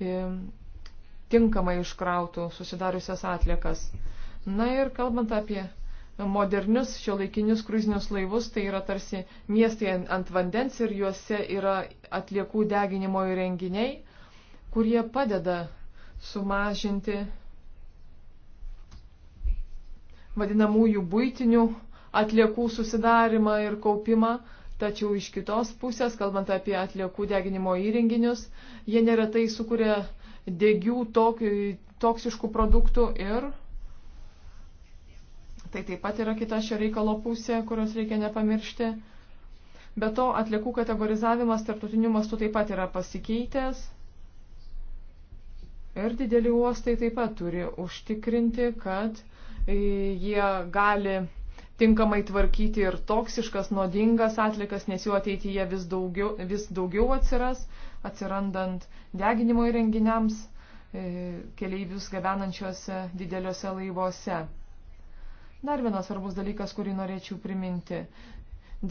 e, tinkamai iškrautų susidariusias atliekas. Na ir kalbant apie modernius šio laikinius kruizinius laivus, tai yra tarsi miestai ant vandens ir juose yra atliekų deginimo įrenginiai kurie padeda sumažinti vadinamųjų būtinių atliekų susidarimą ir kaupimą, tačiau iš kitos pusės, kalbant apie atliekų deginimo įrenginius, jie neretai sukuria degių tokių, toksiškų produktų ir tai taip pat yra kita šio reikalo pusė, kurios reikia nepamiršti. Be to, atliekų kategorizavimas tarptautiniu mastu taip pat yra pasikeitęs. Ir dideli uostai taip pat turi užtikrinti, kad e, jie gali tinkamai tvarkyti ir toksiškas, nuodingas atlikas, nes jų ateityje vis daugiau, vis daugiau atsiras, atsirandant deginimo įrenginiams e, keleivius gabenančiuose dideliuose laivuose. Dar vienas svarbus dalykas, kurį norėčiau priminti.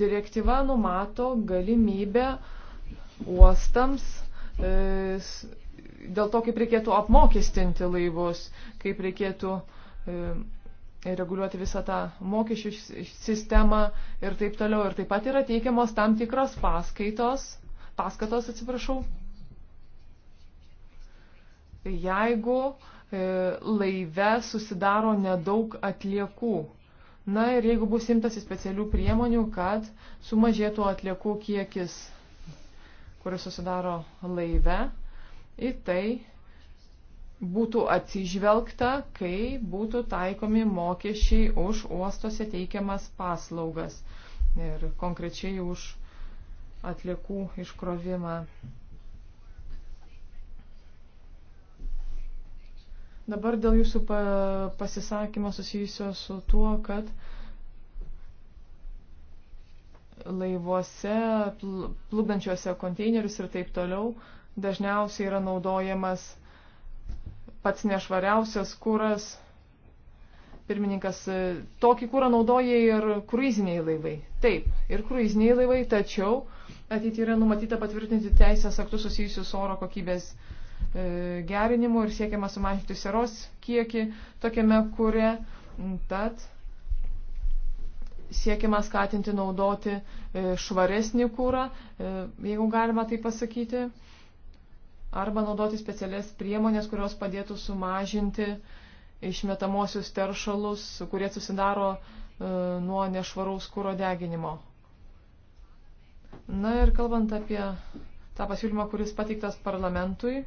Direktyva numato galimybę uostams E, dėl to, kaip reikėtų apmokestinti laivus, kaip reikėtų e, reguliuoti visą tą mokesčių sistemą ir taip toliau. Ir taip pat yra teikiamos tam tikros paskaitos, paskatos, atsiprašau, jeigu e, laive susidaro nedaug atliekų. Na ir jeigu bus imtasi specialių priemonių, kad sumažėtų atliekų kiekis kuris susidaro laive, į tai būtų atsižvelgta, kai būtų taikomi mokesčiai už uostose teikiamas paslaugas ir konkrečiai už atliekų iškrovimą. Dabar dėl jūsų pasisakymo susijusio su tuo, kad uh, laivuose, plukdančiuose konteinerius ir taip toliau, dažniausiai yra naudojamas pats nešvariausias kūras. Pirmininkas, e, tokį kūrą naudoja ir kruiziniai laivai. Taip, ir kruiziniai laivai, tačiau ateityje yra numatyta patvirtinti teisės aktus susijusius oro kokybės e, gerinimu ir siekiama sumažinti seros kiekį tokiame kūre. Tad siekiama skatinti naudoti e, švaresnį kūrą, e, jeigu galima tai pasakyti, arba naudoti specialias priemonės, kurios padėtų sumažinti išmetamosius teršalus, kurie susidaro e, nuo nešvaraus kūro deginimo. Na ir kalbant apie tą pasiūlymą, kuris pateiktas parlamentui,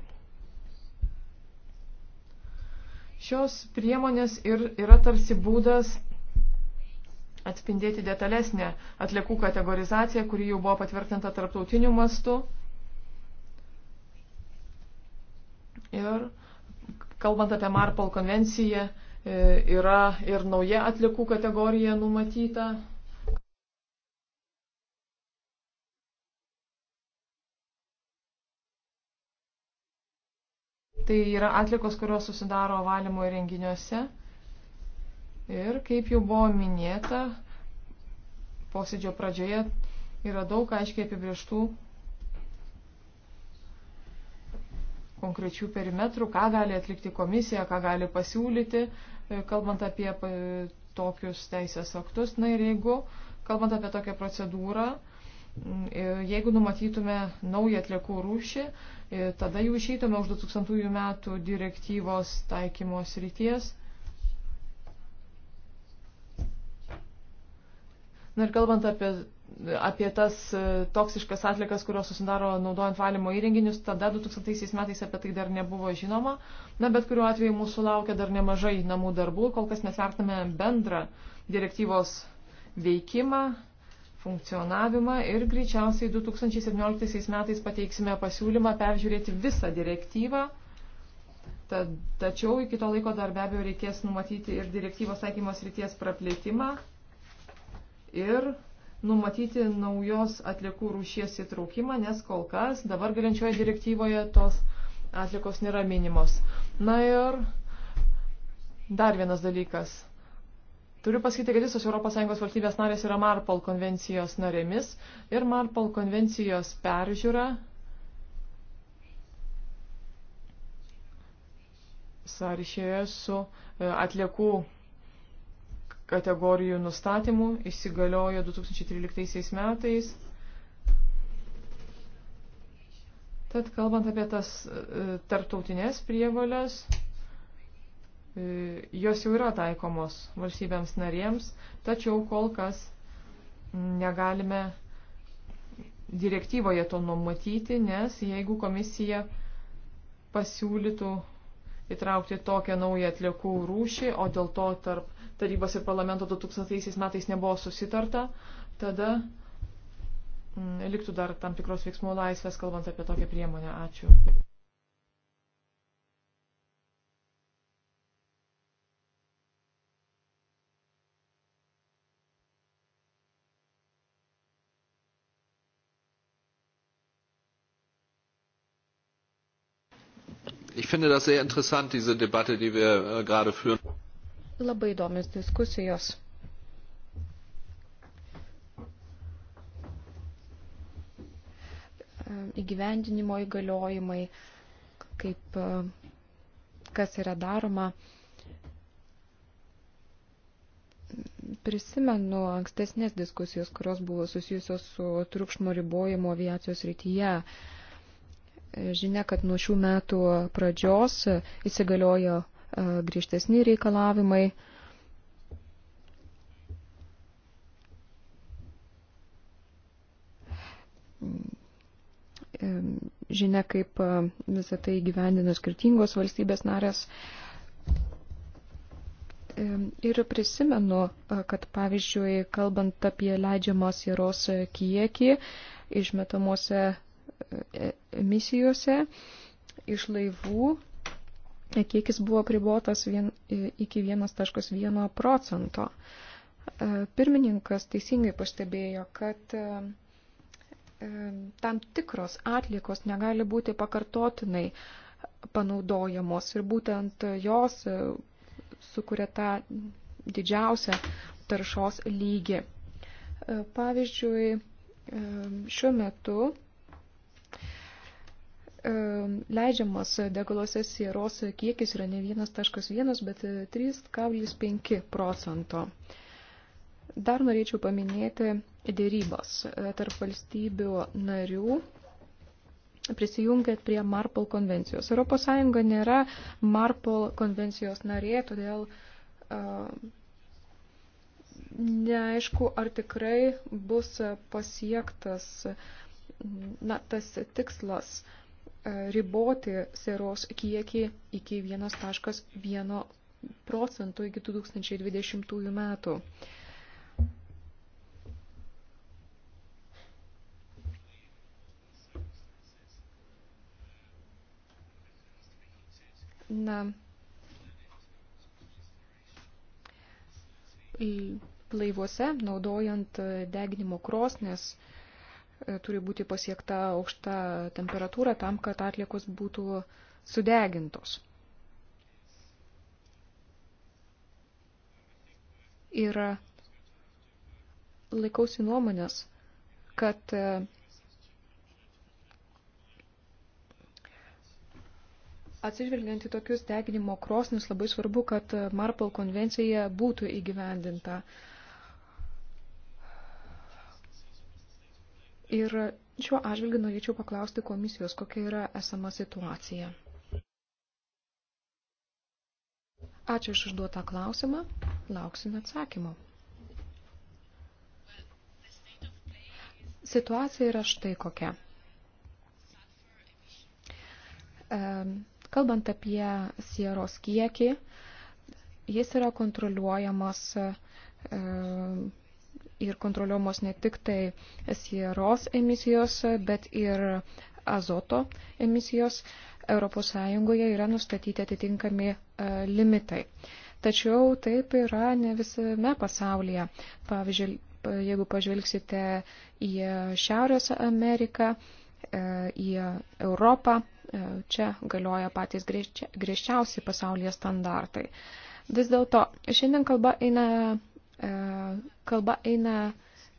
šios priemonės ir yra tarsi būdas atspindėti detalesnę atliekų kategorizaciją, kuri jau buvo patvirtinta tarptautiniu mastu. Ir kalbant apie Marpol konvenciją, e, yra ir nauja atliekų kategorija numatyta. Tai yra atlikos, kurios susidaro valymo įrenginiuose. Ir kaip jau buvo minėta, posėdžio pradžioje yra daug aiškiai apibrieštų konkrečių perimetrų, ką gali atlikti komisija, ką gali pasiūlyti, e, kalbant apie e, tokius teisės aktus. Na ir jeigu, kalbant apie tokią procedūrą, e, jeigu numatytume naują atliekų rūšį, tada jau išeitume už 2000 metų direktyvos taikymos ryties Na ir kalbant apie, apie tas e, toksiškas atlikas, kurios susidaro naudojant valymo įrenginius, tada 2000 metais apie tai dar nebuvo žinoma. Na bet kuriuo atveju mūsų laukia dar nemažai namų darbų, kol kas mes vertame bendrą direktyvos veikimą funkcionavimą ir greičiausiai 2017 metais pateiksime pasiūlymą peržiūrėti visą direktyvą. Tad, tačiau iki to laiko dar be abejo reikės numatyti ir direktyvos taikymos ryties praplėtimą ir numatyti naujos atliekų rūšies įtraukimą, nes kol kas dabar galinčioje direktyvoje tos atliekos nėra minimos. Na ir dar vienas dalykas. Turiu pasakyti, kad visos ES valstybės narės yra Marpol konvencijos narėmis ir Marpol konvencijos peržiūra sąryšėje su e, atliekų kategorijų nustatymų įsigaliojo 2013 metais. Tad kalbant apie tas e, tarptautinės prievalės, e, jos jau yra taikomos valstybėms narėms, tačiau kol kas negalime direktyvoje to numatyti, nes jeigu komisija pasiūlytų įtraukti tokią naują atliekų rūšį, o dėl to tarp tarybos ir parlamento 2000 metais nebuvo susitarta, tada mm, liktų dar tam tikros veiksmų laisvės, kalbant apie tokią priemonę. Ačiū. Ich finde das sehr interessant, diese Debatte, die wir äh, gerade führen. Labai įdomios diskusijos. Ehm, įgyvendinimo įgaliojimai, kaip e, kas yra daroma. prisimenu ankstesnės diskusijos, kurios buvo susijusios su triukšmo ribojimu aviacijos rytyje. Uh, Žinia, kad nuo šių metų pradžios įsigaliojo e, griežtesni reikalavimai. E, žinia, kaip e, visą tai gyvendina skirtingos valstybės narės. Ir prisimenu, kad pavyzdžiui, kalbant apie leidžiamos jėros kiekį, išmetamuose misijose iš laivų e, kiekis buvo pribotas vien, e, iki 1,1 procento. E, pirmininkas teisingai pastebėjo, kad tam tikros atlikos negali būti pakartotinai panaudojamos ir būtent jos sukuria tą didžiausią taršos lygį. Pavyzdžiui, šiuo metu E, leidžiamas degaluose sieros kiekis yra ne 1.1, bet 3,5 procento. Dar norėčiau paminėti dėrybas e, tarp valstybių narių prisijungiant prie Marpol konvencijos. ES nėra Marpol konvencijos narė, todėl uh, neaišku, ar tikrai bus pasiektas na, tas tikslas uh, E, riboti seros kiekį iki 1.1 procentų iki 2020 metų. Na, laivuose naudojant deginimo krosnės, E, turi būti pasiekta aukšta temperatūra tam, kad atliekos būtų sudegintos. Ir laikausi nuomonės, kad e, Atsižvelgiant į tokius deginimo krosnius, labai svarbu, kad Marpol konvencija būtų įgyvendinta. Uh, Ir šiuo atžvilgiu norėčiau paklausti komisijos, kokia yra esama situacija. Ačiū iš užduotą klausimą, lauksime atsakymo. Situacija yra štai kokia. Kalbant apie sieros kiekį, jis yra kontroliuojamas ir kontroliuomos ne tik tai sieros emisijos, bet ir azoto emisijos. ES yra nustatyti atitinkami e, limitai. Tačiau taip yra ne visame pasaulyje. Pavyzdžiui, jeigu pažvelgsite į Šiaurės Ameriką, e, į Europą, e, čia galioja patys griežčiausi pasaulyje standartai. Vis dėlto, šiandien kalba eina E, kalba eina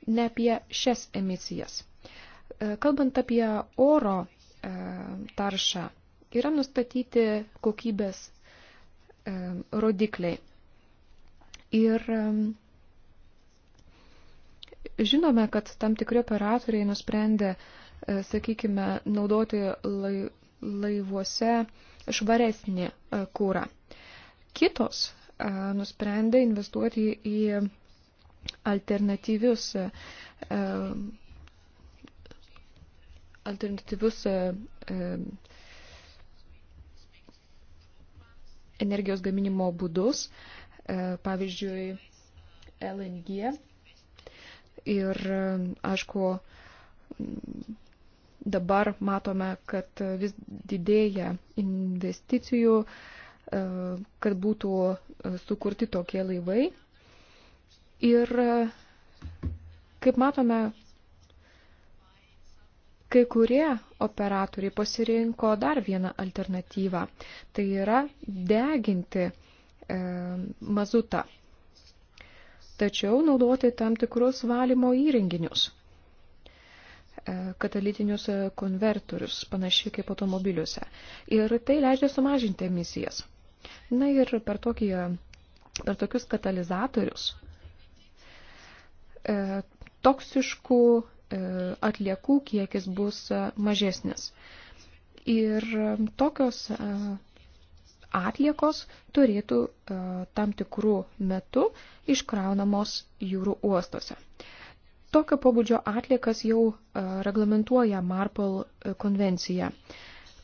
ne apie šias emisijas. E, kalbant apie oro e, taršą, yra nustatyti kokybės rodikliai. Ir žinome, kad tam tikri operatoriai nusprendė, sakykime, naudoti laivuose švaresnį kūrą. Kitos nusprendė investuoti į alternatyvius, alternatyvius energijos gaminimo būdus, pavyzdžiui, LNG. Ir, aišku, dabar matome, kad vis didėja investicijų uh, E, kad būtų e, sukurti tokie laivai. Ir e, kaip matome, kai kurie operatoriai pasirinko dar vieną alternatyvą. Tai yra deginti e, mazutą. Tačiau naudoti tam tikrus valymo įrenginius katalitinius konvertorius, panašiai kaip automobiliuose. Ir tai leidžia sumažinti emisijas. Na ir per, tokį, per tokius katalizatorius e, toksiškų e, atliekų kiekis bus e, mažesnis. Ir e, tokios e, atliekos turėtų e, tam tikrų metų iškraunamos jūrų uostose. Tokio pobūdžio atliekas jau e, reglamentuoja Marpol konvencija.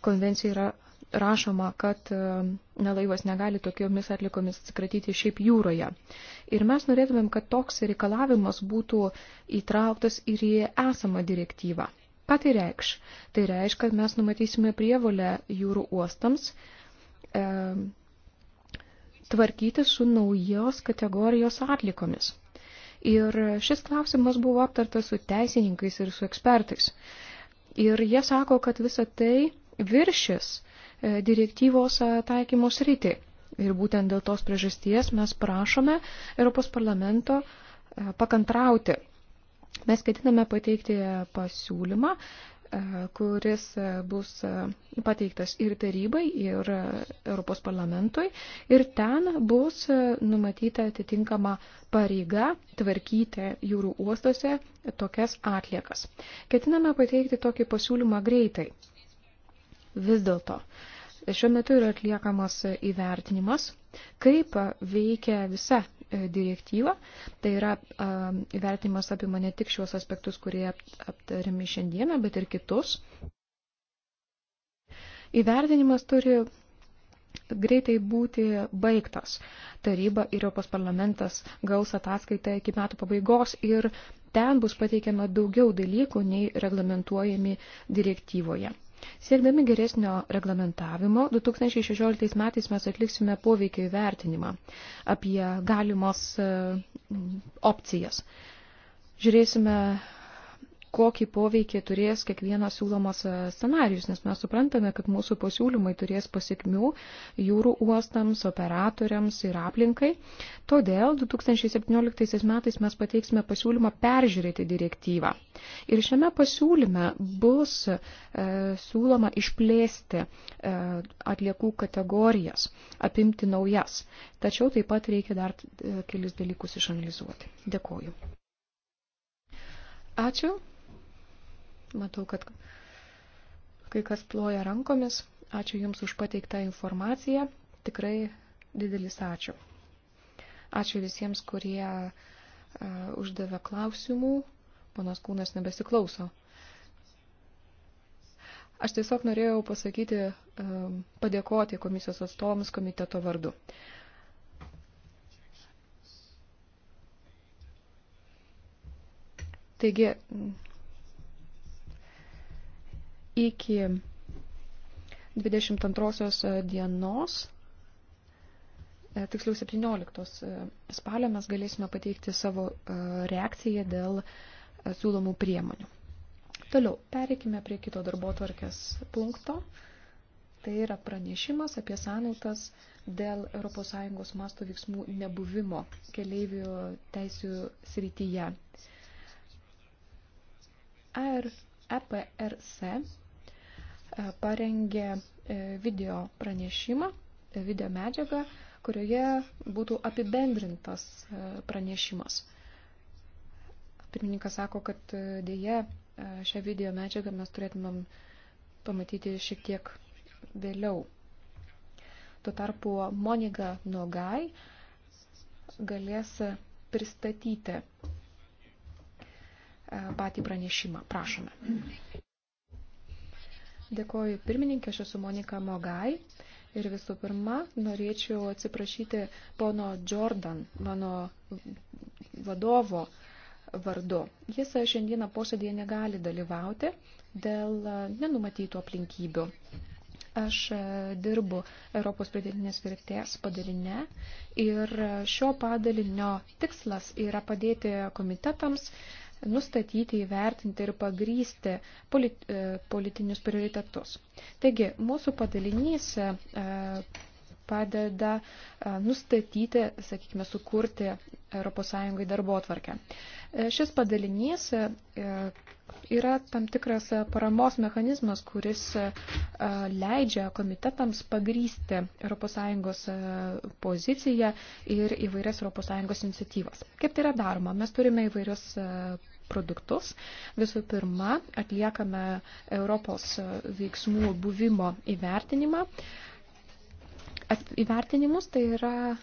Konvencija yra rašoma, kad e, na, laivas negali tokiomis atlikomis atsikratyti šiaip jūroje. Ir mes norėtumėm, kad toks reikalavimas būtų įtrauktas ir į esamą direktyvą. Ką tai reikš? Tai reikš, kad mes numatysime prievolę jūrų uostams e, tvarkyti su naujos kategorijos atlikomis. Ir šis klausimas buvo aptartas su teisininkais ir su ekspertais. Ir jie sako, kad visa tai viršis direktyvos e, taikymos rytį. Ir būtent dėl tos priežasties mes prašome Europos parlamento e, pakantrauti. Mes ketiname pateikti pasiūlymą, e, kuris bus pateiktas ir tarybai, ir Europos parlamentui. Ir ten bus numatyta atitinkama pareiga tvarkyti jūrų uostuose tokias atliekas. Ketiname pateikti tokį pasiūlymą greitai. Vis dėlto, uh, Šiuo metu yra atliekamas įvertinimas, kaip veikia visa e, direktyva. Tai yra įvertinimas apima ne tik šiuos aspektus, kurie aptariami šiandieną, bet ir kitus. Įvertinimas turi greitai būti baigtas. Taryba ir Europos parlamentas gaus ataskaitą iki metų pabaigos ir ten bus pateikiama daugiau dalykų nei reglamentuojami direktyvoje. Siekdami geresnio reglamentavimo, 2016 metais mes atliksime poveikio įvertinimą apie galimos e, opcijas. Žiūrėsime, kokį poveikį turės kiekvienas siūlomas e, scenarius, nes mes suprantame, kad mūsų pasiūlymai turės pasiekmių jūrų uostams, operatoriams ir aplinkai. Todėl 2017 metais mes pateiksime pasiūlymą peržiūrėti direktyvą. Ir šiame pasiūlyme bus e, siūloma išplėsti e, atliekų kategorijas, apimti naujas. Tačiau taip pat reikia dar e, kelis dalykus išanalizuoti. Dėkoju. Ačiū. Matau, kad kai kas ploja rankomis. Ačiū Jums už pateiktą informaciją. Tikrai didelis ačiū. Ačiū visiems, kurie uh, uždavė klausimų. Ponas Kūnas nebesiklauso. Aš tiesiog norėjau pasakyti, um, padėkoti komisijos atstovams komiteto vardu. Taigi, iki 22 dienos, e, tiksliau 17 e, spalio, mes galėsime pateikti savo e, reakciją dėl siūlomų priemonių. Toliau, pereikime prie kito darbo tvarkės punkto. Tai yra pranešimas apie sąnautas dėl ES masto veiksmų nebuvimo keleivių teisių srityje. AR EPRC parengė e, video pranešimą, e, video medžiagą, kurioje būtų apibendrintas e, pranešimas. Pirmininkas sako, kad dėje šią video medžiagą mes turėtumėm pamatyti šiek tiek vėliau. Tuo tarpu Monika Nogai galės pristatyti patį pranešimą. Prašome. Dėkoju pirmininkė, aš esu Monika Mogai. Ir visų pirma, norėčiau atsiprašyti pono Jordan, mano vadovo vardu. Jis šiandieną posėdėje negali dalyvauti dėl nenumatytų aplinkybių. Aš dirbu Europos pridėtinės vertės padalinė ir šio padalinio tikslas yra padėti komitetams uh, nustatyti, įvertinti ir pagrysti polit, e, politinius prioritetus. Taigi, mūsų padalinys e, padeda e, nustatyti, sakykime, sukurti ES darbo atvarkę. Šis padalinys yra tam tikras paramos mechanizmas, kuris leidžia komitetams pagrysti ES poziciją ir įvairias ES iniciatyvas. Kaip tai yra daroma? Mes turime įvairius produktus. Visų pirma, atliekame Europos veiksmų buvimo įvertinimą. At, įvertinimus tai yra e,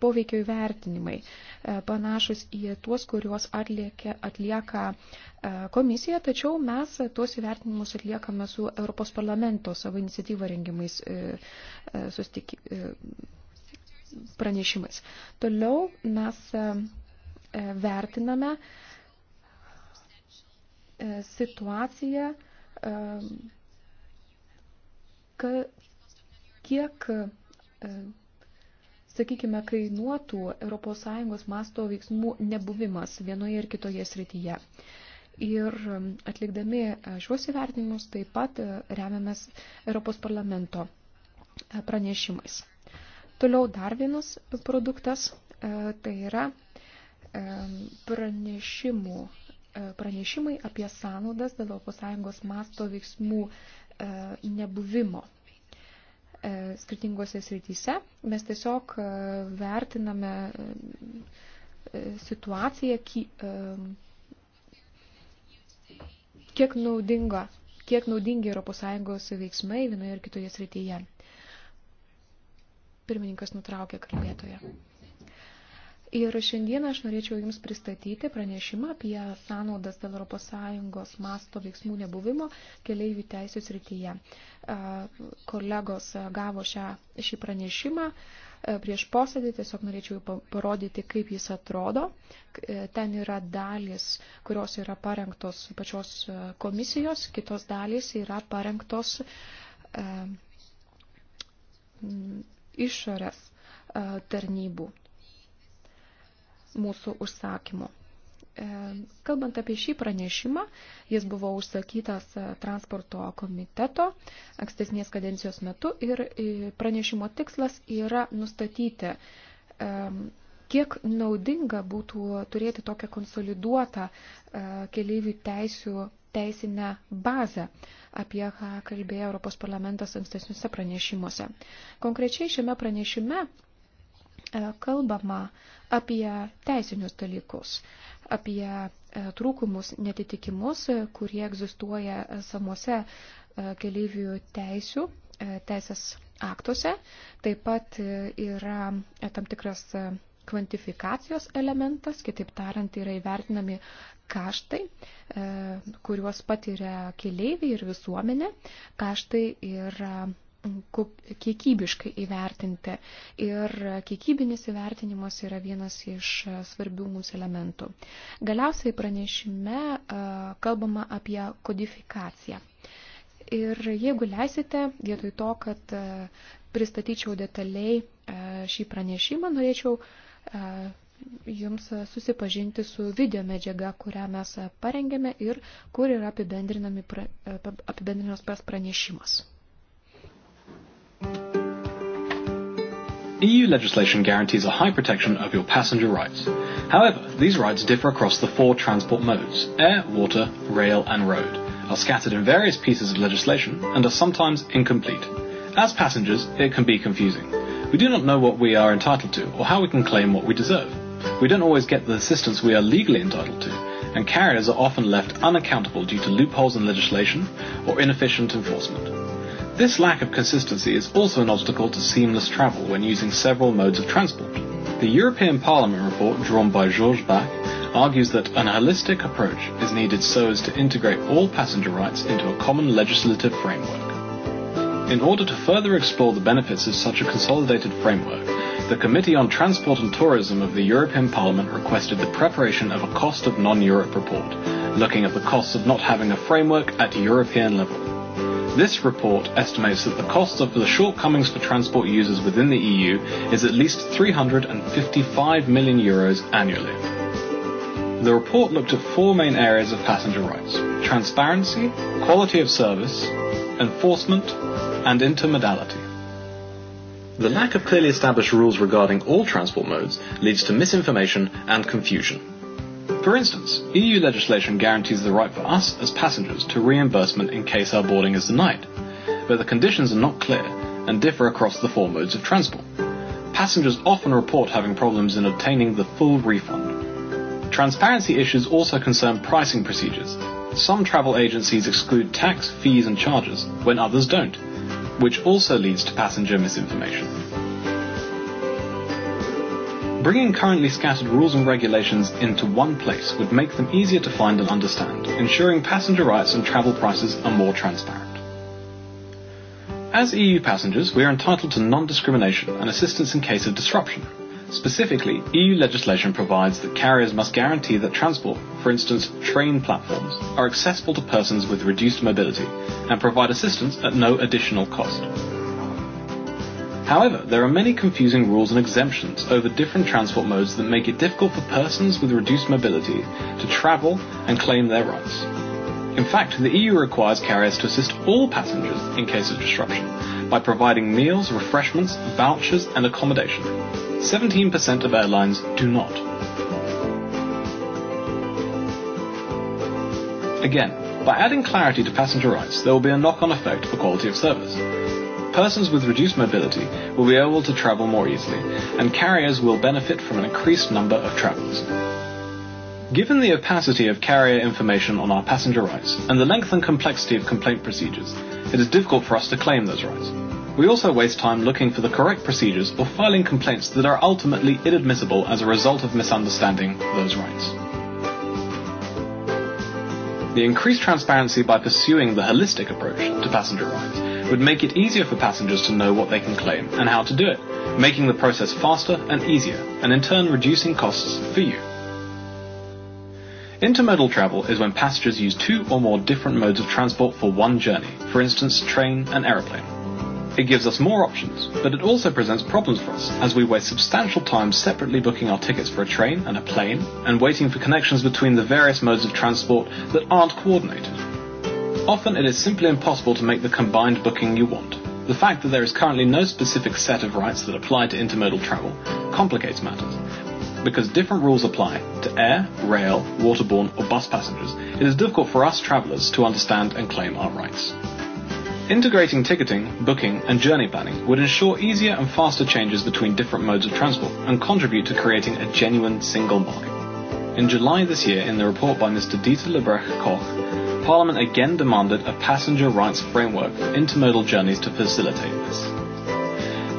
poveikio įvertinimai, e, panašus į tuos, kuriuos atliekia, atlieka e, komisija, tačiau mes tuos įvertinimus atliekame su Europos parlamento savo iniciatyvą rengimais e, e, sustik, e, pranešimais. Toliau mes e, vertiname e, E, situacija, e, kiek, e, sakykime, kainuotų ES masto veiksmų nebuvimas vienoje ir kitoje srityje. Ir atlikdami šiuos įvertinimus taip pat remiamės Europos parlamento pranešimais. Toliau dar vienas produktas, tai yra pranešimų E, pranešimai apie sąnaudas dėl ES masto veiksmų e, nebuvimo e, skirtingose srityse. Mes tiesiog vertiname situaciją, kiek naudinga, kiek naudingi ES veiksmai vienoje ir kitoje srityje. Pirmininkas nutraukė kalbėtoje. Ir šiandien aš norėčiau Jums pristatyti pranešimą apie sąnaudas dėl ES masto veiksmų nebuvimo keleivių teisų srityje. Kolegos gavo šią, šį pranešimą prieš posėdį, tiesiog norėčiau parodyti, kaip jis atrodo. E, ten yra dalis, kurios yra parengtos pačios komisijos, kitos dalys yra parengtos išorės tarnybų mūsų užsakymu. E, kalbant apie šį pranešimą, jis buvo užsakytas e, transporto komiteto ankstesnės kadencijos metu ir e, pranešimo tikslas yra nustatyti, kiek naudinga būtų turėti tokią konsoliduotą keleivių teisių teisinę bazę, apie ką kalbėjo Europos parlamentas ankstesniuose pranešimuose. Konkrečiai šiame pranešime E, kalbama apie teisinius dalykus, apie e, trūkumus, netitikimus, e, kurie egzistuoja samuose keleivių teisių, teisės aktuose. Taip pat yra tam tikras kvantifikacijos elementas, kitaip tariant, yra įvertinami kaštai, kuriuos patiria keleiviai ir visuomenė. Kaštai yra kiekybiškai įvertinti. Ir kiekybinis įvertinimas yra vienas iš e, svarbių mūsų elementų. Galiausiai pranešime e, kalbama apie kodifikaciją. Ir jeigu leisite, vietoj to, kad e, pristatyčiau detaliai šį pranešimą, norėčiau jums susipažinti su video medžiaga, kurią mes parengėme ir kur yra apibendrinamas pranešimas. EU legislation guarantees a high protection of your passenger rights. However, these rights differ across the four transport modes air, water, rail, and road, are scattered in various pieces of legislation, and are sometimes incomplete. As passengers, it can be confusing. We do not know what we are entitled to or how we can claim what we deserve. We don't always get the assistance we are legally entitled to, and carriers are often left unaccountable due to loopholes in legislation or inefficient enforcement. This lack of consistency is also an obstacle to seamless travel when using several modes of transport. The European Parliament report drawn by Georges Bach argues that an holistic approach is needed so as to integrate all passenger rights into a common legislative framework. In order to further explore the benefits of such a consolidated framework, the Committee on Transport and Tourism of the European Parliament requested the preparation of a Cost of Non-Europe report, looking at the costs of not having a framework at European level. This report estimates that the cost of the shortcomings for transport users within the EU is at least 355 million euros annually. The report looked at four main areas of passenger rights: transparency, quality of service, enforcement, and intermodality. The lack of clearly established rules regarding all transport modes leads to misinformation and confusion. For instance, EU legislation guarantees the right for us as passengers to reimbursement in case our boarding is denied, but the conditions are not clear and differ across the four modes of transport. Passengers often report having problems in obtaining the full refund. Transparency issues also concern pricing procedures. Some travel agencies exclude tax, fees, and charges, when others don't, which also leads to passenger misinformation. Bringing currently scattered rules and regulations into one place would make them easier to find and understand, ensuring passenger rights and travel prices are more transparent. As EU passengers, we are entitled to non-discrimination and assistance in case of disruption. Specifically, EU legislation provides that carriers must guarantee that transport, for instance train platforms, are accessible to persons with reduced mobility and provide assistance at no additional cost. However, there are many confusing rules and exemptions over different transport modes that make it difficult for persons with reduced mobility to travel and claim their rights. In fact, the EU requires carriers to assist all passengers in case of disruption by providing meals, refreshments, vouchers, and accommodation. 17% of airlines do not. Again, by adding clarity to passenger rights, there will be a knock-on effect for quality of service persons with reduced mobility will be able to travel more easily, and carriers will benefit from an increased number of travelers. Given the opacity of carrier information on our passenger rights and the length and complexity of complaint procedures, it is difficult for us to claim those rights. We also waste time looking for the correct procedures or filing complaints that are ultimately inadmissible as a result of misunderstanding those rights. The increased transparency by pursuing the holistic approach to passenger rights would make it easier for passengers to know what they can claim and how to do it, making the process faster and easier, and in turn reducing costs for you. Intermodal travel is when passengers use two or more different modes of transport for one journey, for instance, train and aeroplane. It gives us more options, but it also presents problems for us as we waste substantial time separately booking our tickets for a train and a plane and waiting for connections between the various modes of transport that aren't coordinated. Often it is simply impossible to make the combined booking you want. The fact that there is currently no specific set of rights that apply to intermodal travel complicates matters. Because different rules apply to air, rail, waterborne, or bus passengers, it is difficult for us travellers to understand and claim our rights. Integrating ticketing, booking, and journey planning would ensure easier and faster changes between different modes of transport and contribute to creating a genuine single market. In July this year, in the report by Mr. Dieter Lebrecht Koch, Parliament again demanded a passenger rights framework for intermodal journeys to facilitate this.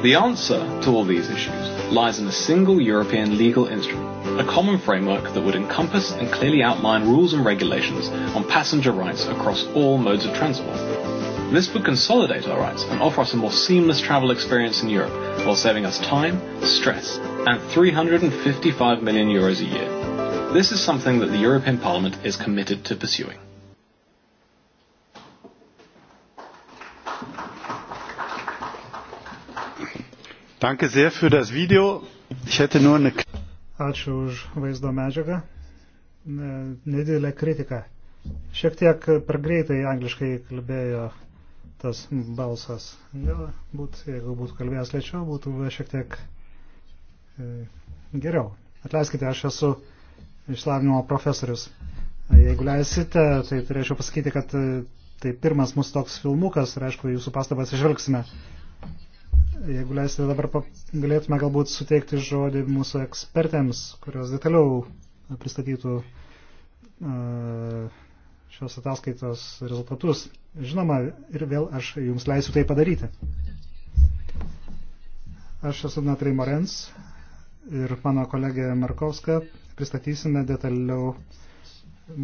The answer to all these issues lies in a single European legal instrument, a common framework that would encompass and clearly outline rules and regulations on passenger rights across all modes of transport. This would consolidate our rights and offer us a more seamless travel experience in Europe, while saving us time, stress, and 355 million euros a year. This is something that the European Parliament is committed to pursuing. Danke sehr für das Video. Ich hätte nur eine Ačiū už vaizdo medžiagą. Nedidelė kritika. Šiek tiek per greitai angliškai kalbėjo tas balsas. Galbūt, jeigu būtų kalbėjęs lėčiau, būtų šiek tiek e, geriau. Atleiskite, aš esu išslavinimo profesorius. Jeigu leisite, tai turėčiau pasakyti, kad e, tai pirmas mūsų toks filmukas ir aišku, jūsų pastabas išvelgsime. Jeigu leisite, dabar galėtume galbūt suteikti žodį mūsų ekspertėms, kurios detaliau pristatytų uh, šios ataskaitos rezultatus. Žinoma, ir vėl aš jums leisiu tai padaryti. Aš esu Natrai Morens ir mano kolegė Markovska. Pristatysime detaliau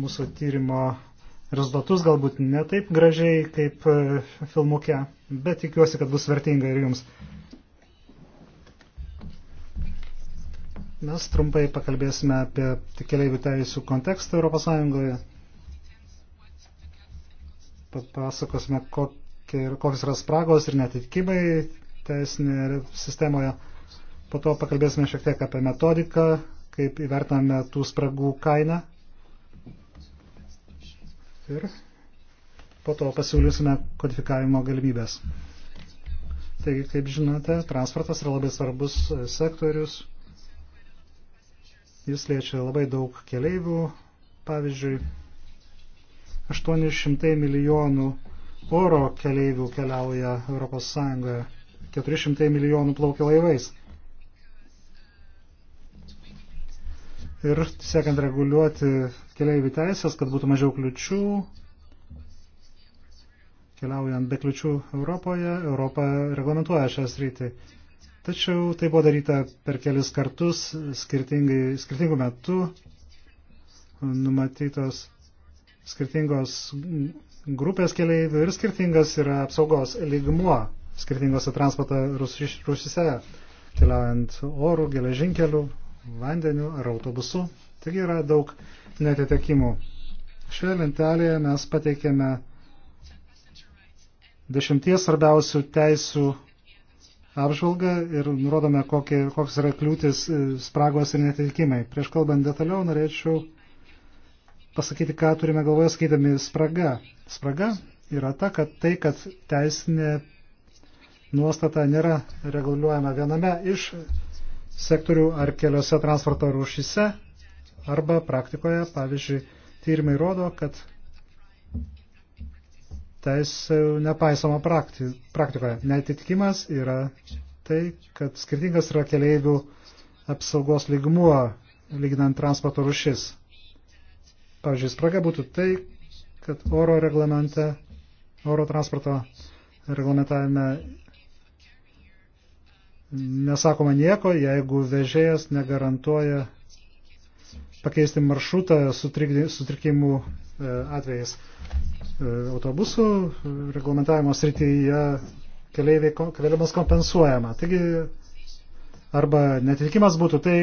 mūsų tyrimo rezultatus, galbūt ne taip gražiai kaip e, filmuke, bet tikiuosi, kad bus vertinga ir jums. Mes trumpai pakalbėsime apie keliaivių teisų kontekstą ES papasakosime, kokie, kokios yra spragos ir netitikimai teisinėje sistemoje. Po to pakalbėsime šiek tiek apie metodiką, kaip įvertiname tų spragų kainą. Ir po to pasiūlysime kodifikavimo galimybės. Taigi, kaip žinote, transportas yra labai svarbus sektorius. Jis liečia labai daug keleivių, pavyzdžiui, 800 milijonų oro keleivių keliauja ES, 400 milijonų plaukia laivais. Ir siekiant reguliuoti keleivių teisės, kad būtų mažiau kliučių, keliaujant be kliučių Europoje, Europa reglamentuoja šią sritį. Tačiau tai buvo daryta per kelis kartus skirtingų metų numatytos skirtingos grupės keleivių ir skirtingas yra apsaugos lygmuo skirtingose transporto rūsise, keliaujant orų, geležinkelių, vandeniu ar autobusu. Taigi yra daug netitekimų. Šioje lentelėje mes pateikėme dešimties svarbiausių teisų apžvalgą ir nurodome, kokie, koks yra kliūtis, e, spragos ir netitikimai. Prieš kalbant detaliau, norėčiau pasakyti, ką turime galvoje skaitami spraga. Spraga yra ta, kad tai, kad teisinė nuostata nėra reguliuojama viename iš sektorių ar keliose transporto rūšyse arba praktikoje, pavyzdžiui, tyrimai rodo, kad teisų nepaisoma prakti, praktikoje. Netitikimas yra tai, kad skirtingas yra keleivių apsaugos lygmuo, lyginant transporto rušis. Pavyzdžiui, spraga būtų tai, kad oro reglamente, oro transporto reglamentavime nesakoma nieko, jeigu vežėjas negarantuoja pakeisti maršrutą sutrikimų e, atvejais. E, autobusų reglamentavimo srityje keliaivės kompensuojama. Taigi arba netitikimas būtų tai,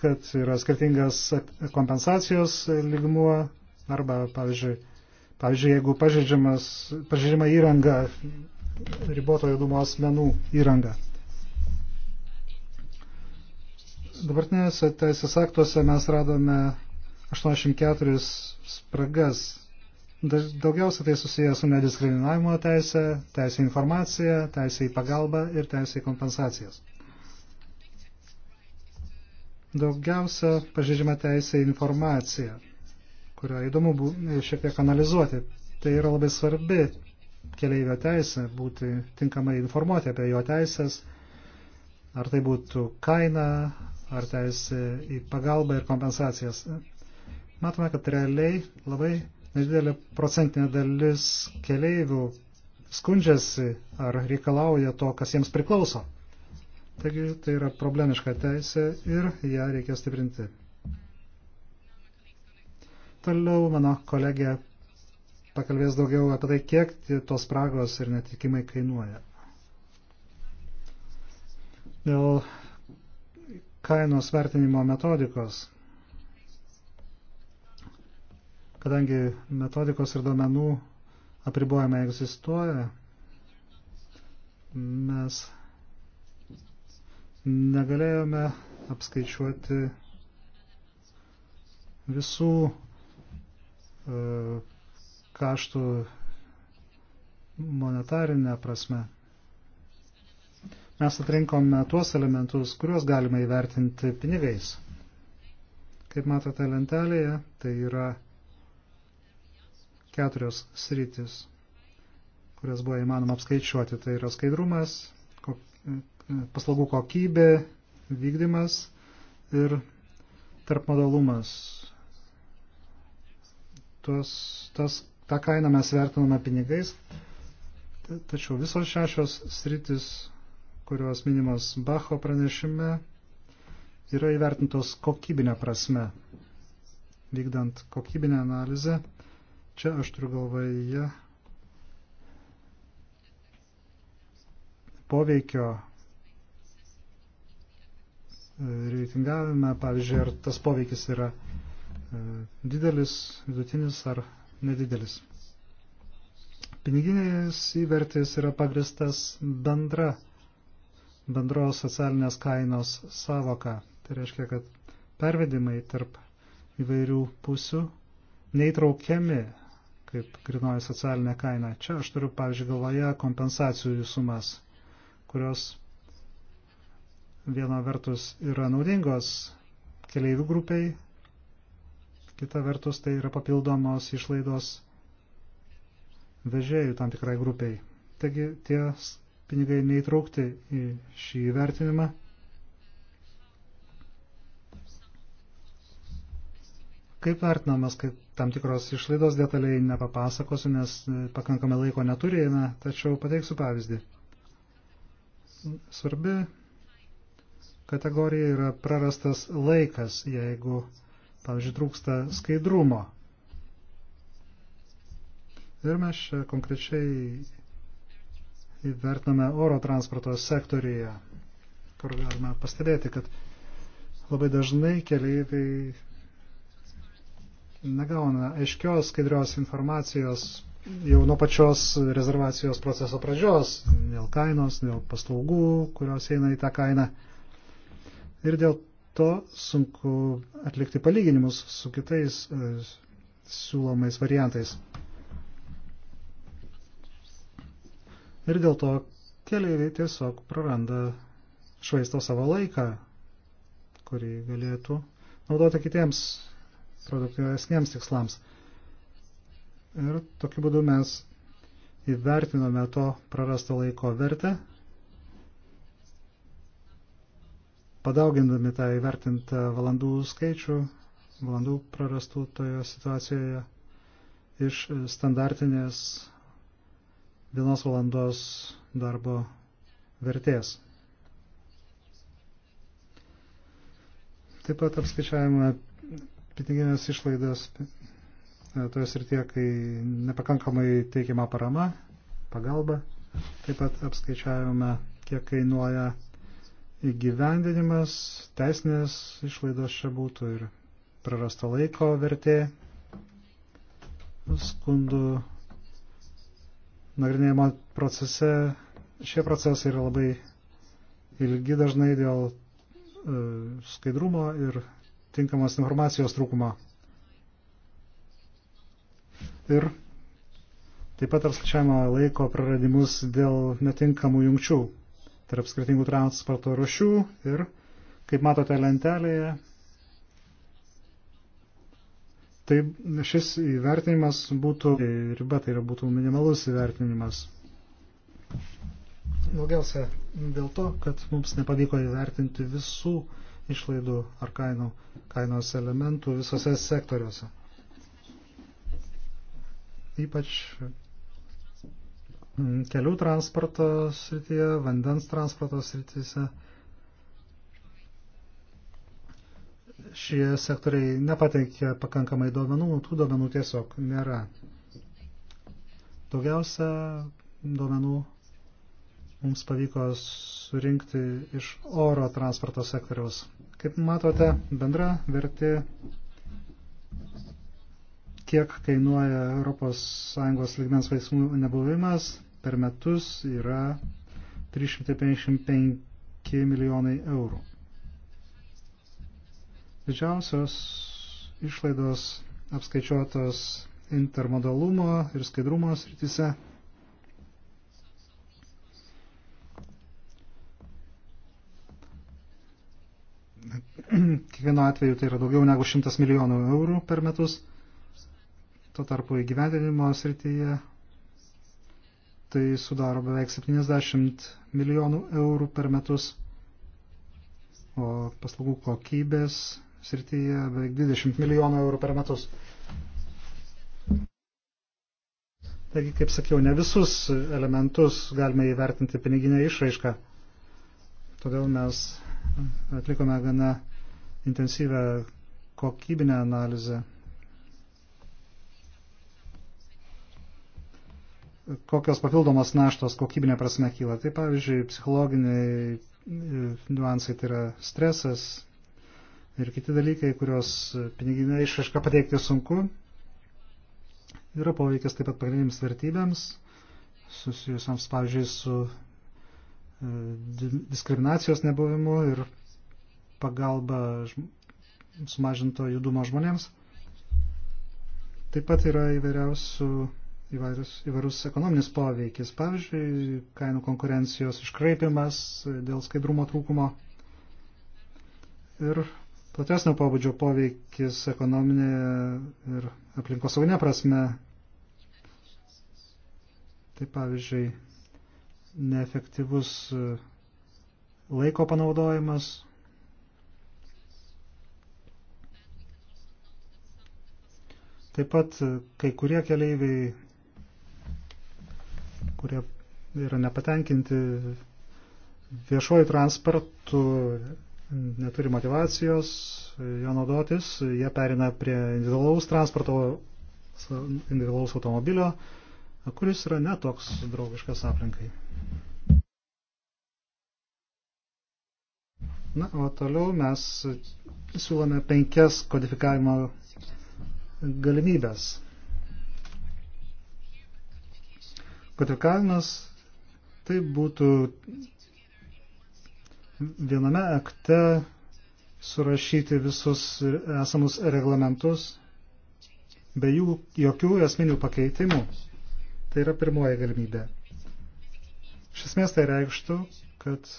kad yra skirtingas kompensacijos lygmuo arba, pavyzdžiui, pavyzdžiui jeigu pažeidžiama įranga, riboto judumo asmenų įranga. Dabartinėse teisės aktuose mes radome 84 spragas. Daugiausia tai susijęs su nediskriminavimo teisė, teisė informacija, teisė į pagalbą ir teisė į kompensacijas. Daugiausia pažeidžiama teisė į informaciją, kurio įdomu šiek tiek analizuoti. Tai yra labai svarbi keleivio teisė būti tinkamai informuoti apie jo teisės, ar tai būtų kaina, ar teisė į pagalbą ir kompensacijas. Matome, kad realiai labai nedidelė procentinė dalis keleivių skundžiasi ar reikalauja to, kas jiems priklauso. Taigi tai yra problemiška teisė ir ją reikia stiprinti. Toliau mano kolegė pakalbės daugiau apie tai, kiek tos spragos ir netikimai kainuoja. Dėl kainos vertinimo metodikos. Kadangi metodikos ir duomenų apribojimai egzistuoja, mes negalėjome apskaičiuoti visų e, kaštų monetarinę prasme. Mes atrinkome tuos elementus, kuriuos galima įvertinti pinigais. Kaip matote lentelėje, tai yra keturios sritis, kurias buvo įmanoma apskaičiuoti. Tai yra skaidrumas, paslaugų kokybė, vykdymas ir tarpmodalumas. Tuos, tas, tą kainą mes vertiname pinigais, tačiau visos šešios sritis, kurios minimas Bacho pranešime, yra įvertintos kokybinė prasme. Vykdant kokybinę analizę, čia aš turiu galvoje poveikio reitingavime, pavyzdžiui, ar tas poveikis yra e, didelis, vidutinis ar nedidelis. Piniginės įvertis yra pagristas bendra, bendros socialinės kainos savoka. Tai reiškia, kad pervedimai tarp įvairių pusių neįtraukiami kaip grinoji socialinė kaina. Čia aš turiu, pavyzdžiui, galvoje kompensacijų sumas, kurios viena vertus yra naudingos keleivių grupiai, kita vertus tai yra papildomos išlaidos vežėjų tam tikrai grupiai. Taigi tie pinigai neįtraukti į šį įvertinimą. Kaip vertinamas, kad tam tikros išlaidos detaliai nepapasakosiu, nes e, pakankamai laiko neturėjome, tačiau pateiksiu pavyzdį. Svarbi kategorija yra prarastas laikas, jeigu, pavyzdžiui, trūksta skaidrumo. Ir mes čia konkrečiai įvertiname oro transporto sektorijoje, kur galime pastebėti, kad labai dažnai keliaiviai negauna aiškios, skaidrios informacijos jau nuo pačios rezervacijos proceso pradžios, dėl kainos, dėl paslaugų, kurios eina į tą kainą ir dėl to sunku atlikti palyginimus su kitais e, siūlomais variantais. Ir dėl to keliaiviai tiesiog praranda švaisto savo laiką, kurį galėtų naudoti kitiems produktyvesniems tikslams. Ir tokiu būdu mes įvertinome to prarasto laiko vertę padaugindami tą įvertintą valandų skaičių, valandų prarastų toje situacijoje iš standartinės vienos valandos darbo vertės. Taip pat apskaičiavome piniginės išlaidas toje srityje, kai nepakankamai teikiama parama, pagalba. Taip pat apskaičiavome, kiek kainuoja įgyvendinimas, teisinės išlaidos čia būtų ir prarasta laiko vertė, skundų nagrinėjimo procese. Šie procesai yra labai ilgi dažnai dėl e, skaidrumo ir tinkamos informacijos trūkumo. Ir taip pat apskaičiavimo laiko praradimus dėl netinkamų jungčių tarp skirtingų transporto rušių ir, kaip matote lentelėje, tai šis įvertinimas būtų tai riba, tai yra būtų minimalus įvertinimas. Daugiausia dėl to, kad mums nepavyko įvertinti visų išlaidų ar kainų, kainos elementų visose sektoriuose. Ypač Mm, kelių transporto srityje, vandens transporto srityse. Šie sektoriai nepateikia pakankamai duomenų, tų duomenų tiesiog nėra. Daugiausia duomenų mums pavyko surinkti iš oro transporto sektoriaus. Kaip matote, bendra vertė kiek kainuoja ES lygmens veiksmų nebuvimas per metus yra 355 milijonai eurų. Didžiausios išlaidos apskaičiuotos intermodalumo ir skaidrumo srityse. Kiekvieno atveju tai yra daugiau negu 100 milijonų eurų per metus. Tuo tarpu įgyvendinimo srityje tai sudaro beveik 70 milijonų eurų per metus, o paslaugų kokybės srityje beveik 20 milijonų eurų per metus. Taigi, kaip sakiau, ne visus elementus galime įvertinti piniginę išraišką. Todėl mes atlikome gana intensyvę kokybinę analizę kokios papildomos naštos kokybinė prasme kyla. Tai pavyzdžiui, psichologiniai e, niuansai tai yra stresas ir kiti dalykai, kurios piniginė išraiška pateikti sunku. Yra poveikis taip pat pagrindiniams vertybėms, susijusiams, pavyzdžiui, su e, diskriminacijos nebuvimu ir pagalba sumažinto judumo žmonėms. Taip pat yra įvairiausių įvairius, įvairius ekonominis poveikis. Pavyzdžiui, kainų konkurencijos iškraipimas dėl skaidrumo trūkumo ir platesnio pobūdžio poveikis ekonominė ir aplinkosauginė prasme. Tai pavyzdžiui, neefektyvus laiko panaudojimas. Taip pat kai kurie keleiviai kurie yra nepatenkinti viešuoju transportu, neturi motivacijos jo naudotis, jie perina prie individualaus transporto, individualaus automobilio, kuris yra netoks draugiškas aplinkai. Na, o toliau mes siūlome penkias kodifikavimo galimybės. Kodifikavimas tai būtų viename akte surašyti visus esamus reglamentus be jų jokių esminių pakeitimų. Tai yra pirmoji galimybė. Iš esmės tai reikštų, kad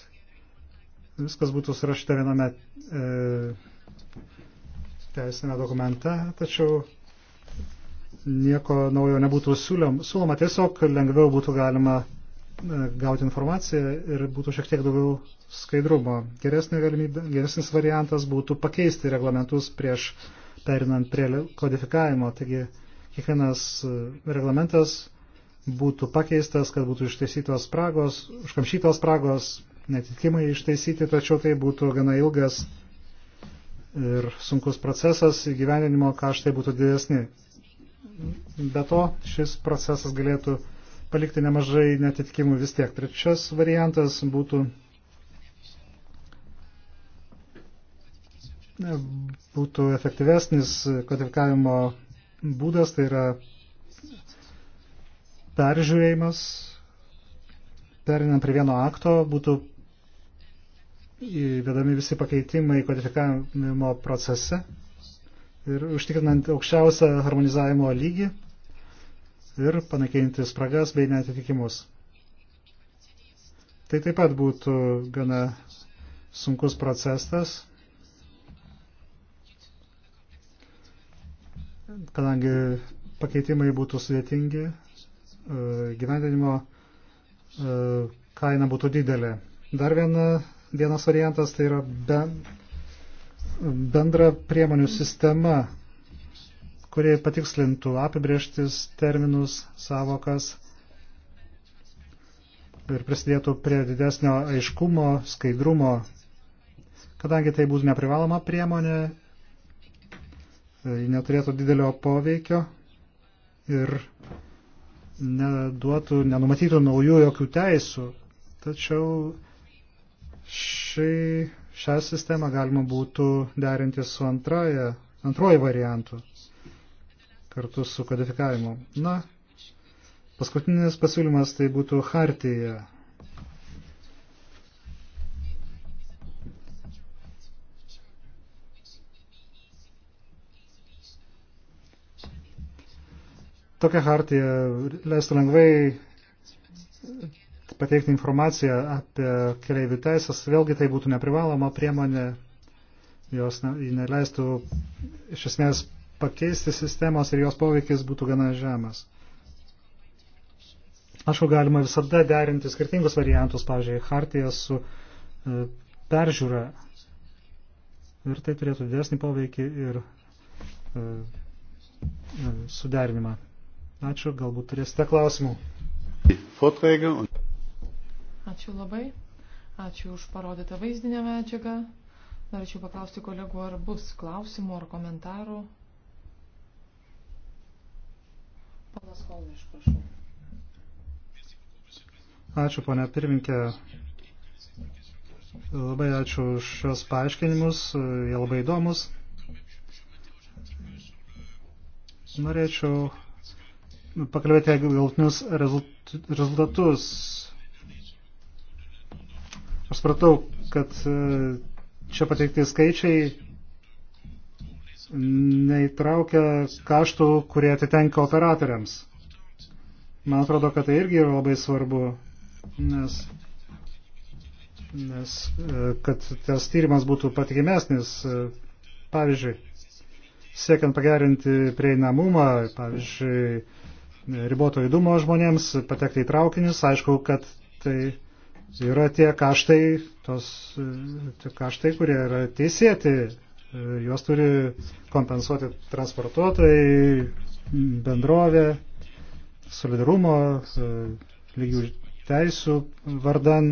viskas būtų surašyta viename e, teisinėme dokumente, tačiau nieko naujo nebūtų siūloma, tiesiog lengviau būtų galima e, gauti informaciją ir būtų šiek tiek daugiau skaidrumo. Geresnė galimybė, geresnis variantas būtų pakeisti reglamentus prieš perinant prie kodifikavimo. Taigi kiekvienas e, reglamentas būtų pakeistas, kad būtų išteisytos spragos, užkamšytos spragos, netikimai ištaisyti, tačiau tai būtų gana ilgas ir sunkus procesas, įgyvendinimo kaštai būtų didesni. Be to, šis procesas galėtų palikti nemažai netitikimų vis tiek. Trečias variantas būtų būtų efektyvesnis kodifikavimo būdas, tai yra peržiūrėjimas, perinant prie vieno akto, būtų įvedami visi pakeitimai kodifikavimo procese ir užtikrinant aukščiausią harmonizavimo lygį ir panaikinti spragas bei netitikimus. Tai taip pat būtų gana sunkus procesas, kadangi pakeitimai būtų sudėtingi, e, gyvendinimo e, kaina būtų didelė. Dar viena, vienas variantas tai yra be bendra priemonių sistema, kurie patikslintų apibrieštis terminus, savokas ir prisidėtų prie didesnio aiškumo, skaidrumo. Kadangi tai būtų neprivaloma priemonė, ji neturėtų didelio poveikio ir neduotų, nenumatytų naujų jokių teisų. Tačiau ši Šią sistemą galima būtų derinti su antraja, antroji variantu kartu su kodifikavimu. Na, paskutinis pasiūlymas tai būtų Hartija. Tokia Hartija leistų lengvai pateikti informaciją apie keliaivių teisės, vėlgi tai būtų neprivaloma priemonė, jos ne, neleistų iš esmės pakeisti sistemos ir jos poveikis būtų gana žemas. Ašku, galima visada derinti skirtingus variantus, pavyzdžiui, hartiją su e, peržiūra. Ir tai turėtų didesnį poveikį ir e, e suderinimą. Ačiū, galbūt turėsite klausimų. Vorträge und Ačiū labai. Ačiū už parodytą vaizdinę medžiagą. Norėčiau paklausti kolegų, ar bus klausimų ar komentarų. Panas Kolniš, prašau. Ačiū, ponia pirminkė. Labai ačiū už šios paaiškinimus, jie labai įdomus. Norėčiau pakalbėti apie galtinius rezultatus Aš supratau, kad e, čia pateikti skaičiai neįtraukia kaštų, kurie atitenka operatoriams. Man atrodo, kad tai irgi yra labai svarbu, nes, nes e, kad tas tyrimas būtų patikimesnis. E, pavyzdžiui, siekiant pagerinti prieinamumą, pavyzdžiui, riboto įdumo žmonėms, patekti į traukinius, aišku, kad tai yra tie kaštai, tos, tie kaštai, kurie yra teisėti, juos turi kompensuoti transportuotojai, bendrovė, solidarumo, lygių teisų vardan,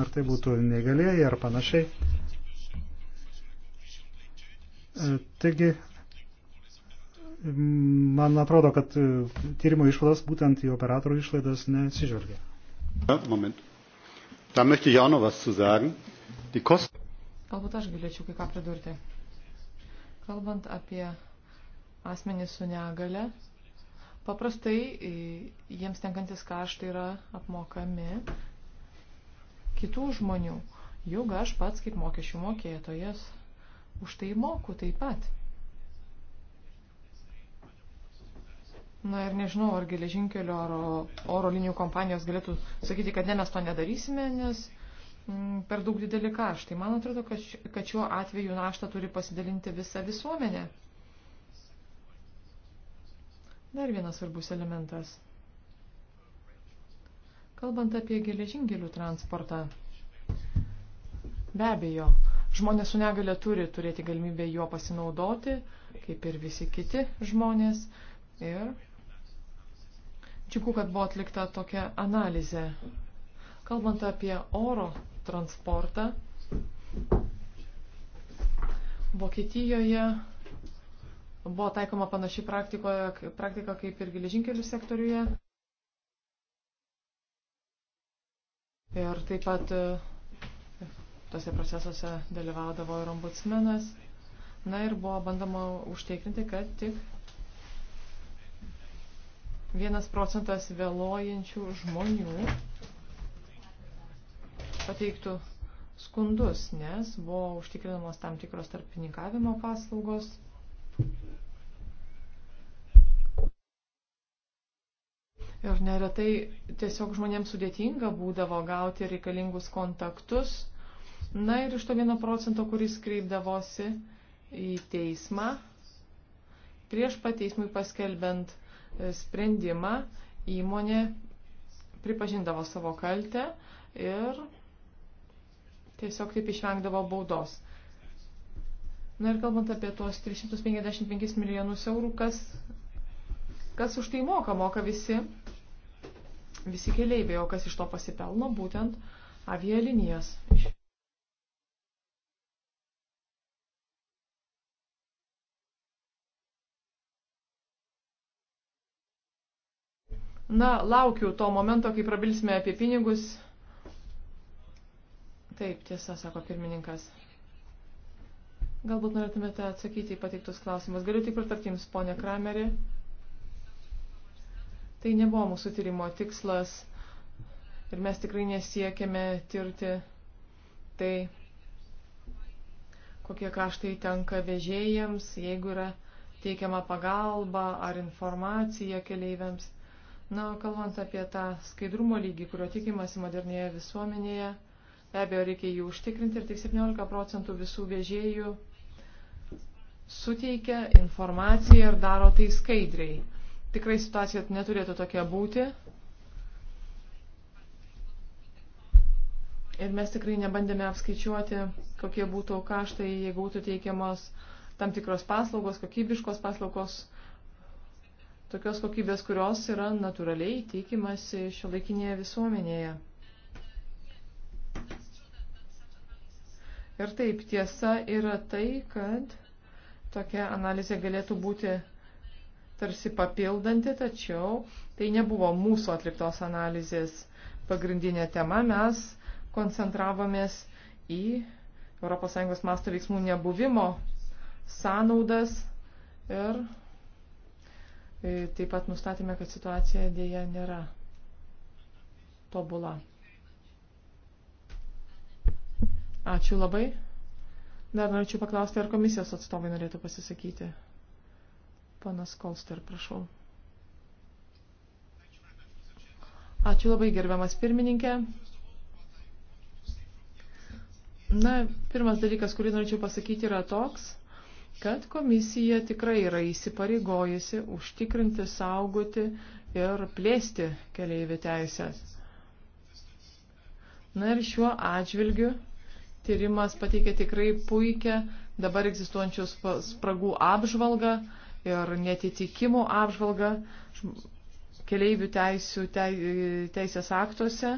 ar tai būtų negalėjai ar panašiai. Taigi, man atrodo, kad tyrimo išvados būtent į operatorių išlaidas nesižvelgia. Moment. Da möchte ich auch noch was zu sagen. Die Kosten. Galbūt aš galėčiau kai ką pridurti. Kalbant apie asmenys su negale, paprastai jiems tenkantis kaštai yra apmokami kitų žmonių. Juk aš pats kaip mokesčių mokėtojas už tai moku taip pat. Na ir nežinau, ar geležinkelio ar oro linijų kompanijos galėtų sakyti, kad ne, mes to nedarysime, nes m, mm, per daug dideli kaštai. Man atrodo, kad, kad šiuo atveju naštą turi pasidalinti visa visuomenė. Dar vienas svarbus elementas. Kalbant apie geležinkelių transportą. Be abejo, žmonės su negale turi turėti galimybę juo pasinaudoti, kaip ir visi kiti žmonės. Ir Čiku, kad buvo atlikta tokia analizė. Kalbant apie oro transportą, Vokietijoje buvo taikoma panaši praktika kaip ir geležinkelių sektoriuje. Ir taip pat e, tose procesuose dalyvaudavo ir ombudsmenas. Na ir buvo bandoma užtikrinti, kad tik Vienas procentas vėlojančių žmonių pateiktų skundus, nes buvo užtikrinamos tam tikros tarpininkavimo paslaugos. Ir neretai tiesiog žmonėms sudėtinga būdavo gauti reikalingus kontaktus. Na ir iš to vieno procento, kuris kreipdavosi į teismą, prieš pat teismui paskelbent sprendimą įmonė pripažindavo savo kaltę ir tiesiog taip išvengdavo baudos. Na ir kalbant apie tuos 355 milijonus eurų, kas, kas už tai moka, moka visi, visi keliaiviai, o kas iš to pasipelno būtent avialinijas. Na, laukiu to momento, kai prabilsime apie pinigus. Taip, tiesa, sako pirmininkas. Galbūt norėtumėte atsakyti į pateiktus klausimus. Galiu tik pritarti Jums, ponė Kramerį. Tai nebuvo mūsų tyrimo tikslas ir mes tikrai nesiekėme tirti tai, kokie kaštai tenka vežėjams, jeigu yra teikiama pagalba ar informacija keleiviams. Na, kalbant apie tą skaidrumo lygį, kurio tikimasi modernėje visuomenėje, be abejo, reikia jį užtikrinti ir tik 17 procentų visų vežėjų suteikia informaciją ir daro tai skaidriai. Tikrai situacija neturėtų tokia būti. Ir mes tikrai nebandėme apskaičiuoti, kokie būtų kaštai, jeigu būtų teikiamos tam tikros paslaugos, kokybiškos paslaugos tokios kokybės, kurios yra natūraliai tikimasi šio laikinėje visuomenėje. Ir taip, tiesa yra tai, kad tokia analizė galėtų būti tarsi papildanti, tačiau tai nebuvo mūsų atliktos analizės pagrindinė tema. Mes koncentravomės į ES masto veiksmų nebuvimo sąnaudas ir E, taip pat nustatėme, kad situacija dėja nėra tobula. Ačiū labai. Dar norėčiau paklausti, ar komisijos atstovai norėtų pasisakyti. Panas Kolster, prašau. Ačiū labai, gerbiamas pirmininkė. Na, pirmas dalykas, kurį norėčiau pasakyti, yra toks, kad komisija tikrai yra įsipareigojusi užtikrinti, saugoti ir plėsti keleivių teisės. Na ir šiuo atžvilgiu tyrimas pateikė tikrai puikią dabar egzistuojančių spragų apžvalgą ir netitikimų apžvalgą keleivių teisų, teisės aktuose,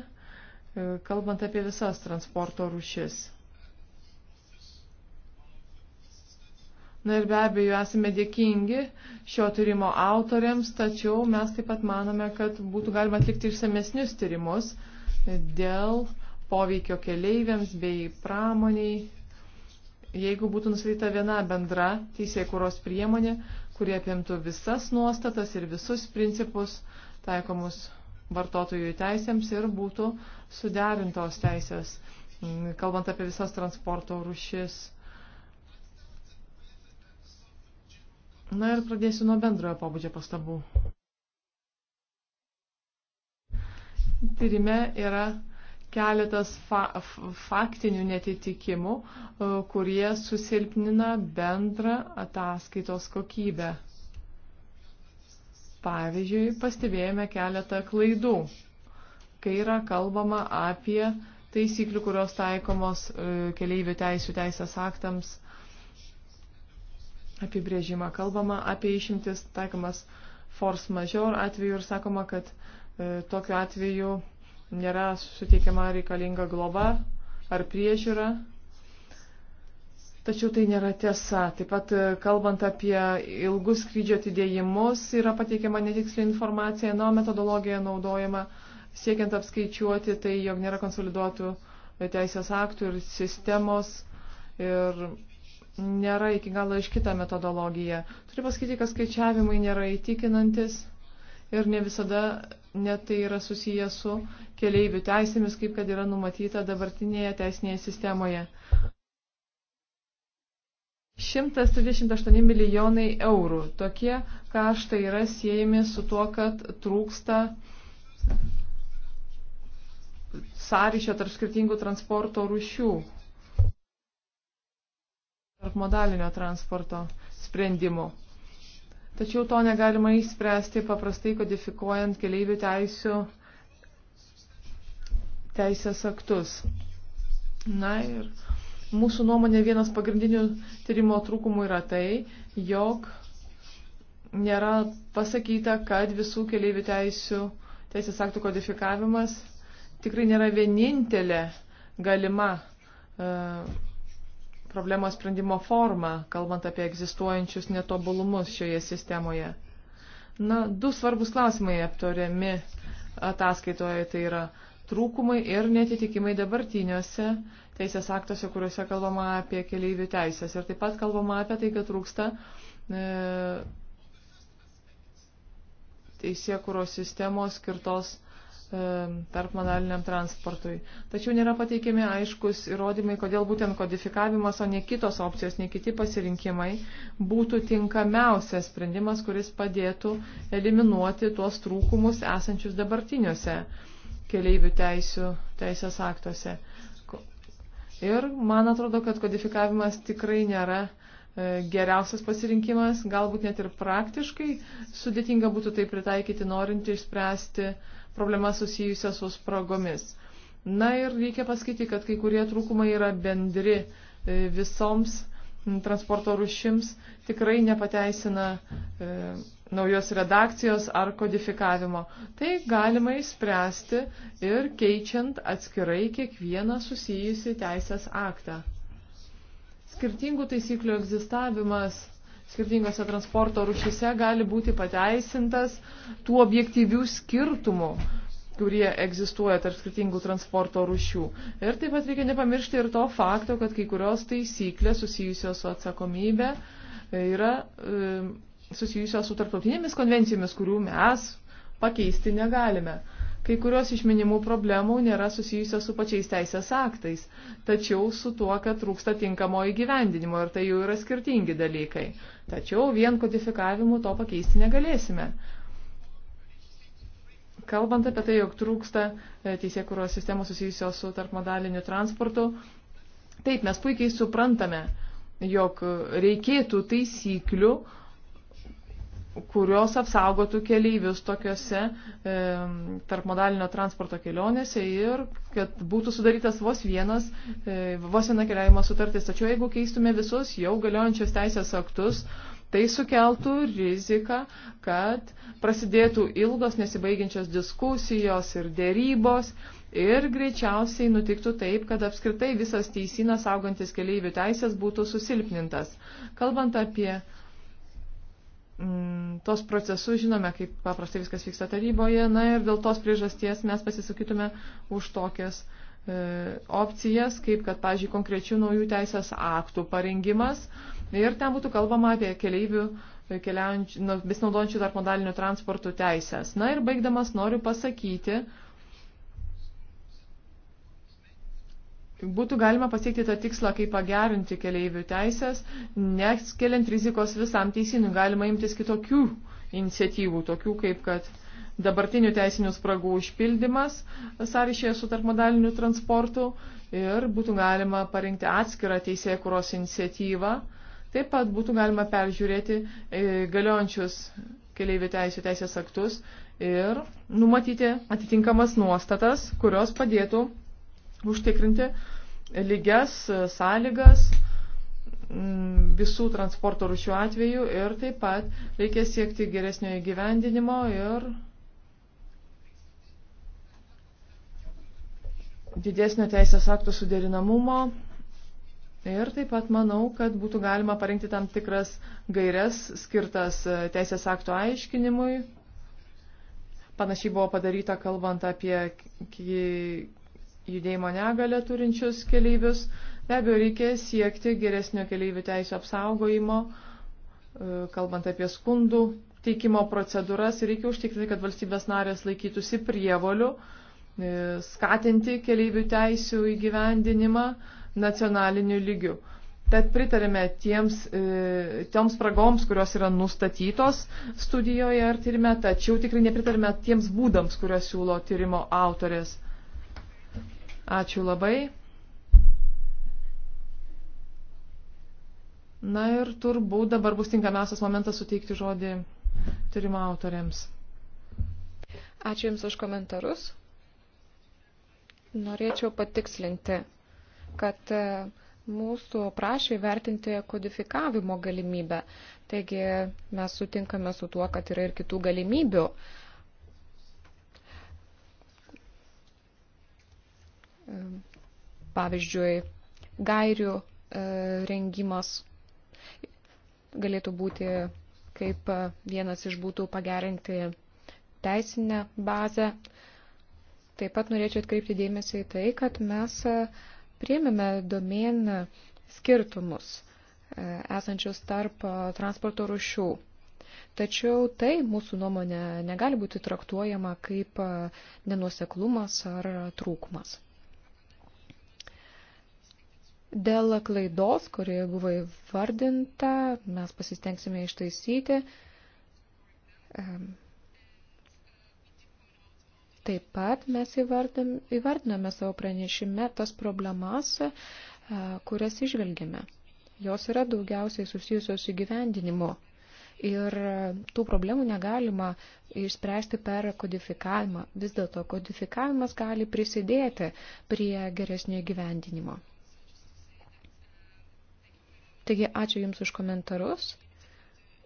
kalbant apie visas transporto rušis. Na ir be abejo esame dėkingi šio tyrimo autoriams, tačiau mes taip pat manome, kad būtų galima atlikti išsamesnius tyrimus dėl poveikio keleiviams bei pramoniai. Jeigu būtų nustatyta viena bendra teisėkuros priemonė, kurie apimtų visas nuostatas ir visus principus taikomus vartotojų teisėms ir būtų suderintos teisės, kalbant apie visas transporto rušis. Na ir pradėsiu nuo bendrojo pobūdžio pastabų. Tyrime yra keletas fa faktinių netitikimų, e, kurie susilpnina bendrą ataskaitos kokybę. Pavyzdžiui, pastebėjome keletą klaidų, kai yra kalbama apie taisyklių, kurios taikomos e, keleivių teisų teisės aktams apibrėžimą. Kalbama apie išimtis taikomas force majeure atveju ir sakoma, kad e, tokiu atveju nėra suteikiama reikalinga globa ar priežiūra. Tačiau tai nėra tiesa. Taip pat e, kalbant apie ilgus skrydžio atidėjimus yra pateikiama netiksli informacija, nuo metodologija naudojama siekiant apskaičiuoti tai, jog nėra konsoliduotų teisės aktų ir sistemos. Ir nėra iki galo iškita metodologija. Turiu pasakyti, kad skaičiavimai nėra įtikinantis ir ne visada net tai yra susiję su keleivių teisėmis, kaip kad yra numatyta dabartinėje teisinėje sistemoje. 128 milijonai eurų. Tokie kaštai yra siejami su tuo, kad trūksta sąryšio tarp skirtingų transporto rušių tarp modalinio transporto sprendimų. Tačiau to negalima įspręsti paprastai kodifikuojant keleivių teisų teisės aktus. Na ir mūsų nuomonė vienas pagrindinių tyrimo trūkumų yra tai, jog nėra pasakyta, kad visų keleivių teisų teisės aktų kodifikavimas tikrai nėra vienintelė galima uh, problemos sprendimo formą, kalbant apie egzistuojančius netobulumus šioje sistemoje. Na, du svarbus klausimai aptariami ataskaitoje, tai yra trūkumai ir netitikimai dabartiniuose teisės aktuose, kuriuose kalbama apie keleivių teisės. Ir taip pat kalbama apie tai, kad trūksta e, teisėkuros sistemos skirtos E, tarp modaliniam transportui. Tačiau nėra pateikiami aiškus įrodymai, kodėl būtent kodifikavimas, o ne kitos opcijos, ne kiti pasirinkimai būtų tinkamiausias sprendimas, kuris padėtų eliminuoti tuos trūkumus esančius dabartiniuose keleivių teisų, teisės aktuose. Ir man atrodo, kad kodifikavimas tikrai nėra e, geriausias pasirinkimas, galbūt net ir praktiškai sudėtinga būtų tai pritaikyti, norint išspręsti uh, problemas susijusias su spragomis. Na ir reikia pasakyti, kad kai kurie trūkumai yra bendri e, visoms transporto rušims, tikrai nepateisina e, naujos redakcijos ar kodifikavimo. Tai galima išspręsti ir keičiant atskirai kiekvieną susijusi teisės aktą. Skirtingų taisyklių egzistavimas skirtingose transporto rušyse gali būti pateisintas tų objektyvių skirtumų kurie egzistuoja tarp skirtingų transporto rušių. Ir taip pat reikia nepamiršti ir to fakto, kad kai kurios taisyklės susijusios su atsakomybė yra e, susijusios su tarptautinėmis konvencijomis, kurių mes pakeisti negalime. Kai kurios iš minimų problemų nėra susijusios su pačiais teisės aktais, tačiau su tuo, kad trūksta tinkamo įgyvendinimo ir tai jau yra skirtingi dalykai. Tačiau vien kodifikavimu to pakeisti negalėsime. Kalbant apie tai, jog trūksta e, teisėkuros sistemos susijusios su tarpmodaliniu transportu, taip mes puikiai suprantame, jog reikėtų taisyklių, kurios apsaugotų keleivius tokiuose e, tarpmodalinio transporto kelionėse ir kad būtų sudarytas vos vienas, e, vos viena keliavimo sutartis. Tačiau jeigu keistume visus jau galiojančius teisės aktus, tai sukeltų riziką, kad prasidėtų ilgos nesibaigiančios diskusijos ir dėrybos ir greičiausiai nutiktų taip, kad apskritai visas teisinas augantis keleivių teisės būtų susilpnintas. Kalbant apie mm, tos procesus žinome, kaip paprastai viskas vyksta taryboje, na ir dėl tos priežasties mes pasisakytume už tokias e, opcijas, kaip kad, pažiūrėjau, konkrečių naujų teisės aktų parengimas ir ten būtų kalbama apie keleivių e, keliaujančių, nu, vis naudojančių tarp modalinių transportų teisės. Na ir baigdamas noriu pasakyti, Būtų galima pasiekti tą tikslą, kaip pagerinti keleivių teisės, neskeliant rizikos visam teisiniu. Galima imtis kitokių iniciatyvų, tokių kaip kad dabartinių teisinių spragų užpildymas sąryšėje su tarpmodaliniu transportu ir būtų galima parinkti atskirą teisėjų kuros iniciatyvą. Taip pat būtų galima peržiūrėti e, galiojančius keliaivių teisų teisės aktus ir numatyti atitinkamas nuostatas, kurios padėtų užtikrinti lygias e, sąlygas mm, visų transporto rušių atveju ir taip pat reikia siekti geresnio įgyvendinimo ir didesnio teisės aktų suderinamumo. Ir taip pat manau, kad būtų galima parinkti tam tikras gairias skirtas e, teisės aktų aiškinimui. Panašiai buvo padaryta kalbant apie judėjimo negalę turinčius keleivius. Be abejo, reikia siekti geresnio keleivių teisų apsaugojimo, e, kalbant apie skundų teikimo procedūras, reikia užtikrinti, kad valstybės narės laikytųsi prievolių, e, skatinti keleivių teisų įgyvendinimą nacionaliniu lygiu. Tad pritarėme tiems, e, tiems spragoms, kurios yra nustatytos studijoje ar tyrime, tačiau tikrai nepritarėme tiems būdams, kuriuos siūlo tyrimo autorės. Ačiū labai. Na ir turbūt dabar bus tinkamiausias momentas suteikti žodį tyrimo autoriams. Ačiū Jums už komentarus. Norėčiau patikslinti, kad e, mūsų prašė vertinti kodifikavimo galimybę. Taigi mes sutinkame su tuo, kad yra ir kitų galimybių. Uh, pavyzdžiui, gairių e, rengimas galėtų būti kaip vienas iš būtų pagerinti teisinę bazę. Taip pat norėčiau atkreipti dėmesį į tai, kad mes e, priemėme domėn skirtumus e, esančius tarp transporto rušių. Tačiau tai mūsų nuomonė negali būti traktuojama kaip nenuoseklumas ar trūkumas. Dėl klaidos, kurie buvo įvardinta, mes pasistengsime ištaisyti. Taip pat mes įvardiname savo pranešime tas problemas, e, kurias išvelgėme. Jos yra daugiausiai susijusios su gyvendinimu. Ir e, tų problemų negalima išspręsti per kodifikavimą. Vis dėlto kodifikavimas gali prisidėti prie geresnio gyvendinimo. Taigi ačiū Jums už komentarus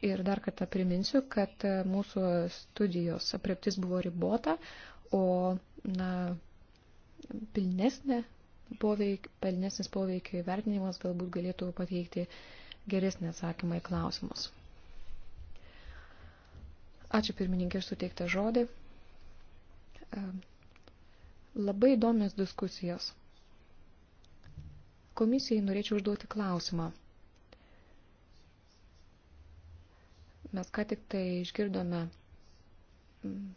ir dar kartą priminsiu, kad e, mūsų studijos apreptis buvo ribota, o na, pilnesnė poveik, pilnesnis poveikio įvertinimas galbūt galėtų pateikti geresnį atsakymą į klausimus. Ačiū pirmininkė ir suteiktą žodį. E, labai įdomios diskusijos. Komisijai norėčiau užduoti klausimą. Mes ką tik tai išgirdome mm,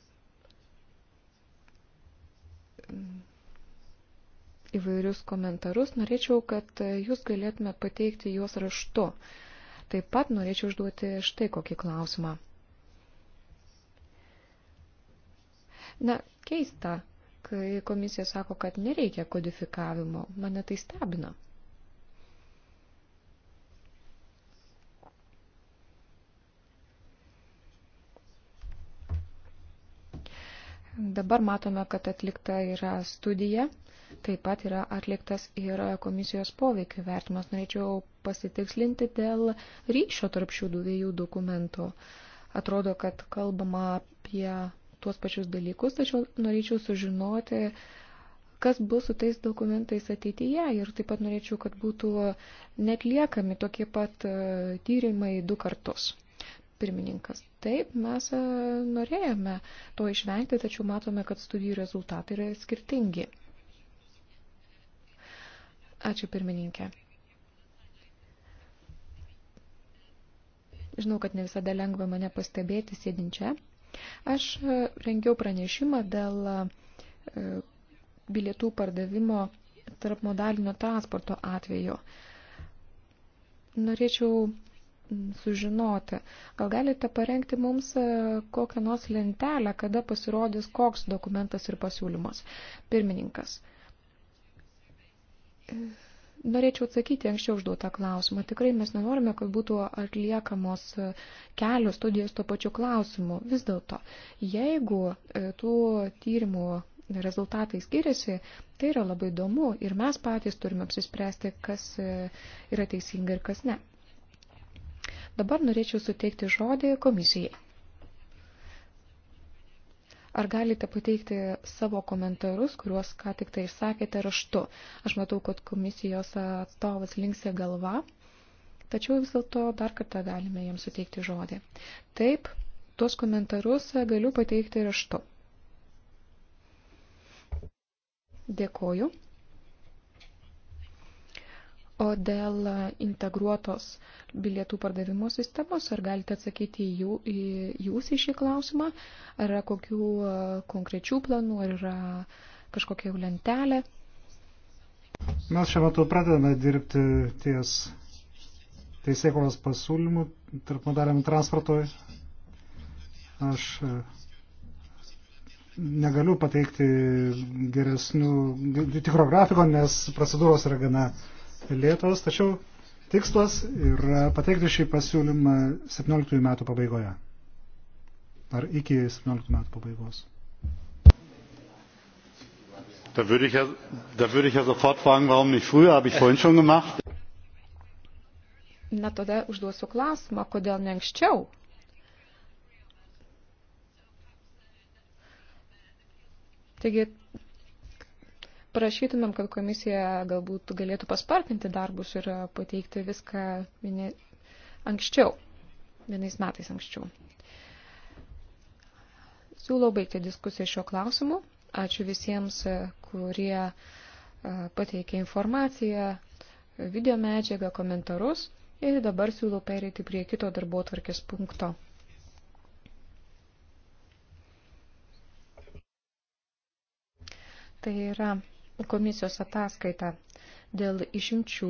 įvairius komentarus. Norėčiau, kad jūs galėtumėt pateikti juos raštu. Taip pat norėčiau užduoti štai kokį klausimą. Na, keista, kai komisija sako, kad nereikia kodifikavimo. Mane tai stebina. Dabar matome, kad atlikta yra studija, taip pat yra atliktas ir komisijos poveikio vertimas. Norėčiau pasitikslinti dėl ryšio tarp šių dviejų dokumentų. Atrodo, kad kalbama apie tuos pačius dalykus, tačiau norėčiau sužinoti, kas bus su tais dokumentais ateityje ir taip pat norėčiau, kad būtų netliekami tokie pat e, tyrimai du kartus. Pirmininkas. Taip, mes e, norėjome to išvengti, tačiau matome, kad studijų rezultatai yra skirtingi. Ačiū pirmininkė. Žinau, kad ne visada lengva mane pastebėti sėdinčią. Aš e, rengiau pranešimą dėl e, bilietų pardavimo tarp modalinio transporto atveju. Norėčiau sužinoti. Gal galite parengti mums e, kokią nors lentelę, kada pasirodys koks dokumentas ir pasiūlymas. Pirmininkas. E, norėčiau atsakyti anksčiau užduotą klausimą. Tikrai mes nenorime, kad būtų atliekamos e, kelios studijos to pačiu klausimu. Vis dėlto, jeigu tų tyrimų rezultatai skiriasi, tai yra labai įdomu ir mes patys turime apsispręsti, kas yra teisinga ir kas ne. Dabar norėčiau suteikti žodį komisijai. Ar galite pateikti savo komentarus, kuriuos ką tik tai išsakėte raštu? Aš matau, kad komisijos atstovas linksė galva, tačiau vis dėlto dar kartą galime jam suteikti žodį. Taip, tuos komentarus galiu pateikti raštu. Dėkoju. O dėl integruotos bilietų pardavimo sistemos, ar galite atsakyti jų, jūs į šį klausimą, ar yra kokių e, konkrečių planų, ar yra kažkokia jau lentelė? Mes šiuo metu pradedame dirbti ties teisėkos pasiūlymų tarp modaliam transportui. Aš e, negaliu pateikti geresnių tikro grafiko, nes procedūros yra gana uh, lėtos, tačiau tikslas yra pateikti šį pasiūlymą 17 metų pabaigoje. Ar iki 17 metų pabaigos. Da würde, ich ja, da würde ich ja sofort fragen, warum nicht früher, habe ich vorhin schon gemacht. Na tada užduosiu klausimą, kodėl ne anksčiau? Taigi prašytumėm, kad komisija galbūt galėtų paspartinti darbus ir pateikti viską vieni, anksčiau, vienais metais anksčiau. Siūlau baigti diskusiją šio klausimu. Ačiū visiems, kurie e, pateikė informaciją, video medžiagą, komentarus. Ir dabar siūlau pereiti prie kito darbo tvarkės punkto. Tai yra komisijos ataskaitą dėl išimčių,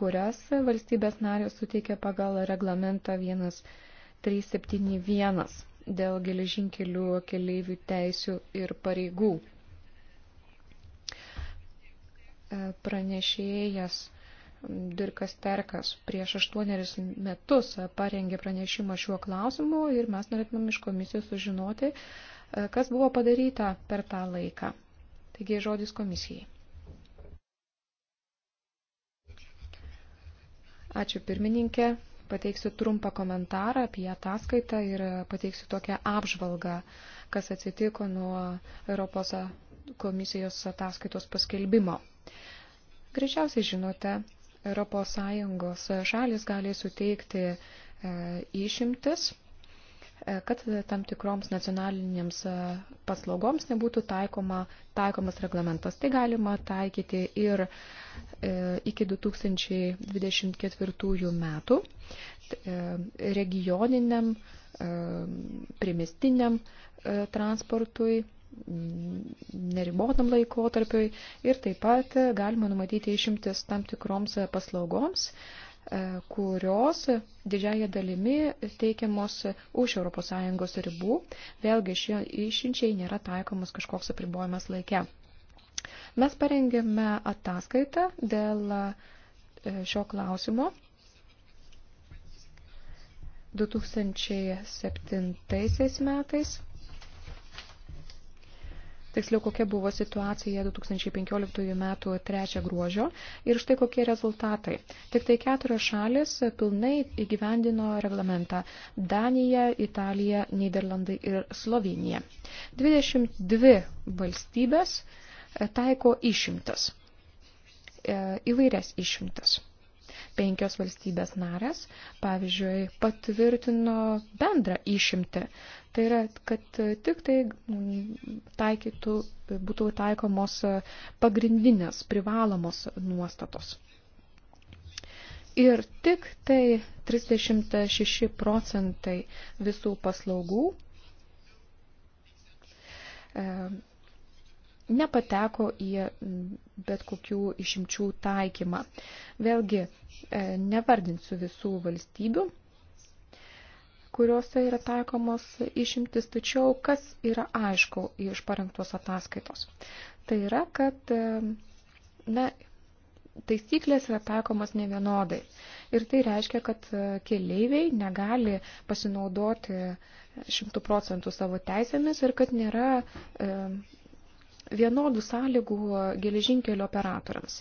kurias valstybės narės suteikė pagal reglamentą 1371 dėl geležinkelių keleivių teisių ir pareigų. E, pranešėjas Dirkas Terkas prieš aštuonerius metus parengė pranešimą šiuo klausimu ir mes norėtumėm iš komisijos sužinoti, e, kas buvo padaryta per tą laiką. Taigi žodis komisijai. Ačiū pirmininkė. Pateiksiu trumpą komentarą apie ataskaitą ir pateiksiu tokią apžvalgą, kas atsitiko nuo Europos komisijos ataskaitos paskelbimo. Greičiausiai žinote, ES šalis gali suteikti e, išimtis E, kad tam tikroms nacionalinėms e, paslaugoms nebūtų taikoma, taikomas reglamentas. Tai galima taikyti ir e, iki 2024 metų regioniniam, primestiniam transportui neribotam laikotarpiui ir taip pat galima numatyti išimtis tam tikroms paslaugoms, uh, E, kurios didžiaja dalimi teikiamos už ES ribų. Vėlgi šie išimčiai nėra taikomas kažkoks apribojimas laike. Mes parengėme ataskaitą dėl e, šio klausimo. 2007 metais tiksliau kokia buvo situacija 2015 metų 3 gruožio ir štai kokie rezultatai. Tik tai keturios šalis pilnai įgyvendino reglamentą - Danija, Italija, Niderlandai ir Slovenija. 22 valstybės taiko išimtas, e, įvairias išimtas penkios valstybės narės, pavyzdžiui, patvirtino bendrą išimtį. Tai yra, kad tik tai mm, taikytų, būtų taikomos pagrindinės privalomos nuostatos. Ir tik tai 36 procentai visų paslaugų e, nepateko į bet kokių išimčių taikymą. Vėlgi, e, nevardinsiu visų valstybių, kuriuose yra taikomos išimtis, tačiau kas yra aišku iš parengtos ataskaitos. Tai yra, kad e, na, taisyklės yra taikomos nevienodai. Ir tai reiškia, kad e, keleiviai negali pasinaudoti šimtų procentų savo teisėmis ir kad nėra e, vienodų sąlygų geležinkelio operatoriams.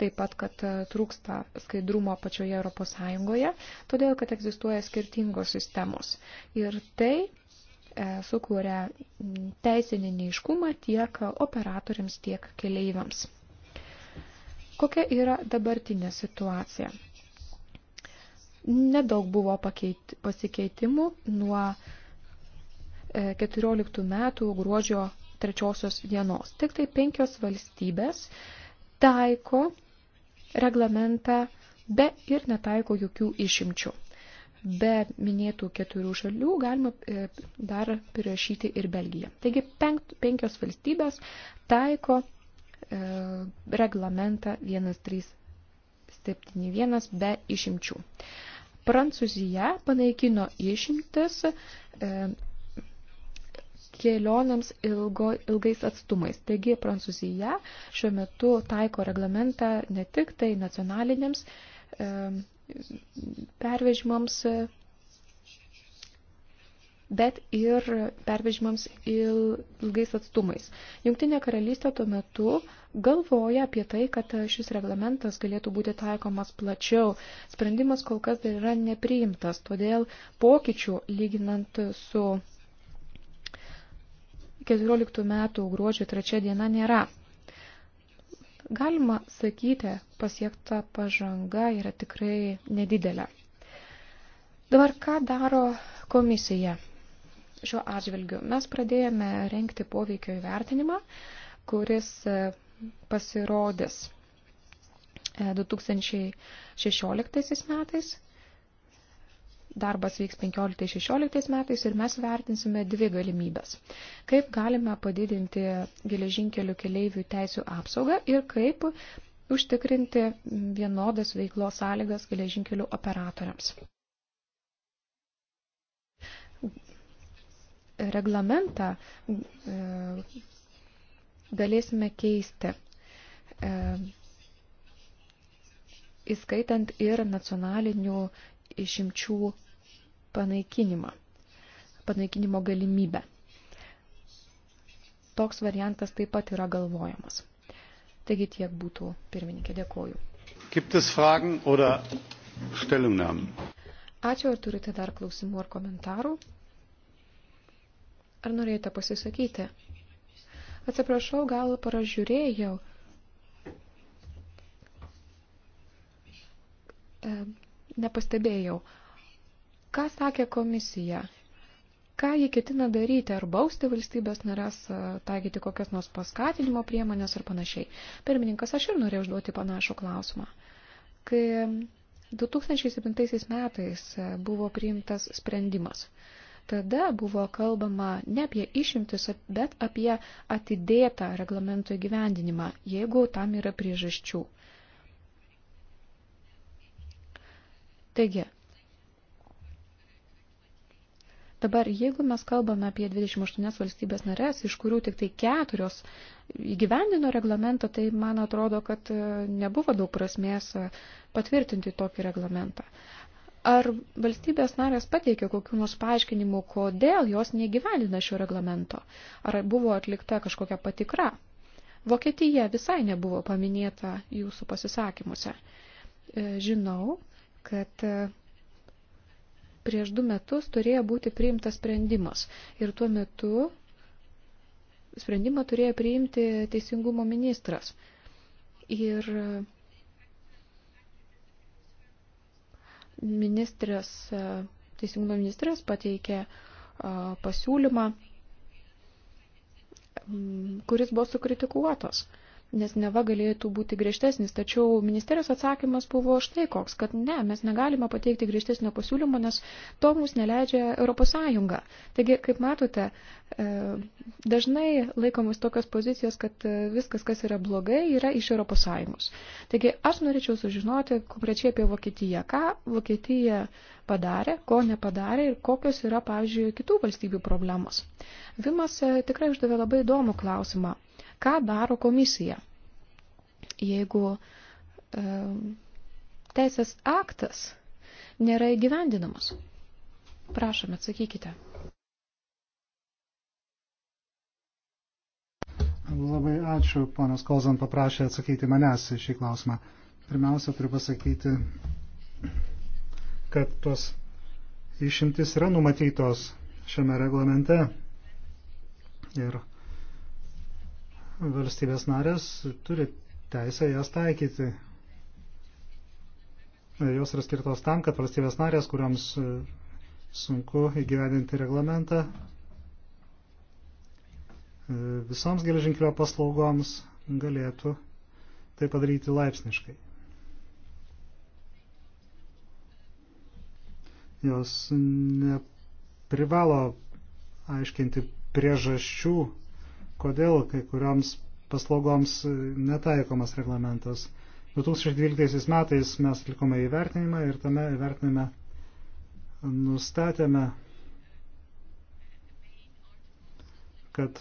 Taip pat, kad e, trūksta skaidrumo pačioje Europos Sąjungoje, todėl, kad egzistuoja skirtingos sistemos. Ir tai e, sukuria teisinį neiškumą tiek operatoriams, tiek keleiviams. Kokia yra dabartinė situacija? Nedaug buvo pakeit, pasikeitimų nuo 14 e, metų gruodžio trečiosios dienos. Tik tai penkios valstybės taiko reglamentą be ir netaiko jokių išimčių. Be minėtų keturių šalių galima e, dar prirašyti ir Belgiją. Taigi penkios valstybės taiko e, reglamentą 1371 be išimčių. Prancūzija panaikino išimtis e, kelionėms ilgo, ilgais atstumais. Taigi Prancūzija šiuo metu taiko reglamentą ne tik tai nacionaliniams e, pervežimams, bet ir pervežimams ilgais atstumais. Jungtinė karalystė tuo metu galvoja apie tai, kad šis reglamentas galėtų būti taikomas plačiau. Sprendimas kol kas dar yra nepriimtas, todėl pokyčių lyginant su 14 metų gruodžio 3 diena nėra. Galima sakyti, pasiekta pažanga yra tikrai nedidelė. Dabar ką daro komisija šiuo atžvilgiu? Mes pradėjome renkti poveikio įvertinimą, kuris e, pasirodys 2016 e, metais Darbas vyks 15-16 metais ir mes vertinsime dvi galimybės. Kaip galime padidinti geležinkelių keleivių teisų apsaugą ir kaip užtikrinti vienodas veiklos sąlygas geležinkelių operatoriams. Reglamentą e, galėsime keisti e, įskaitant ir nacionalinių išimčių panaikinimą, panaikinimo galimybę. Toks variantas taip pat yra galvojamas. Taigi tiek būtų, pirmininkė, dėkoju. Gibt es Fragen oder Stellungnahmen? Ačiū, ar turite dar klausimų ar komentarų? Ar norėjote pasisakyti? Atsiprašau, gal paražiūrėjau. E, nepastebėjau. Ką sakė komisija? Ką jie ketina daryti, ar bausti valstybės narės, taikyti kokias nors paskatinimo priemonės ir panašiai. Pirmininkas, aš ir norėjau užduoti panašų klausimą. Kai 2007 metais buvo priimtas sprendimas, tada buvo kalbama ne apie išimtis, bet apie atidėtą reglamento įgyvendinimą, jeigu tam yra priežasčių. Taigi, Dabar, jeigu mes kalbame apie 28 valstybės narės, iš kurių tik tai keturios įgyvendino reglamentą, tai man atrodo, kad e, nebuvo daug prasmės e, patvirtinti tokį reglamentą. Ar valstybės narės pateikė kokių nors paaiškinimų, kodėl jos negyvendina šio reglamento? Ar buvo atlikta kažkokia patikra? Vokietija visai nebuvo paminėta jūsų pasisakymuose. E, žinau, kad e, prieš du metus turėjo būti priimtas sprendimas. Ir tuo metu sprendimą turėjo priimti teisingumo ministras. Ir e, ministras, e, teisingumo ministras pateikė pasiūlymą, kuris buvo sukritikuotas nes neva galėtų būti griežtesnis. Tačiau ministerijos atsakymas buvo štai koks, kad ne, mes negalime pateikti griežtesnio pasiūlymo, nes to mums neleidžia ES. Taigi, kaip matote, e, dažnai laikomus tokios pozicijos, kad e, viskas, kas yra blogai, yra iš ES. Taigi, aš norėčiau sužinoti konkrečiai apie Vokietiją. Ką Vokietija padarė, ko nepadarė ir kokios yra, pavyzdžiui, kitų valstybių problemos. Vimas e, tikrai uždavė labai įdomų klausimą Ką daro komisija? Jeigu e, teisės aktas nėra įgyvendinamas? Prašome, atsakykite. Labai ačiū, ponas Kozan paprašė atsakyti manęs į šį klausimą. Pirmiausia, turiu pasakyti, kad tos išimtis yra numatytos šiame reglamente ir valstybės narės turi teisę jas taikyti. Jos yra skirtos tam, kad valstybės narės, kuriams e, sunku įgyvendinti reglamentą, e, visoms geležinkelio paslaugoms galėtų tai padaryti laipsniškai. Jos neprivalo aiškinti priežasčių kodėl kai kurioms paslaugoms netaikomas reglamentas. 2012 metais mes atlikome įvertinimą ir tame įvertinime nustatėme, kad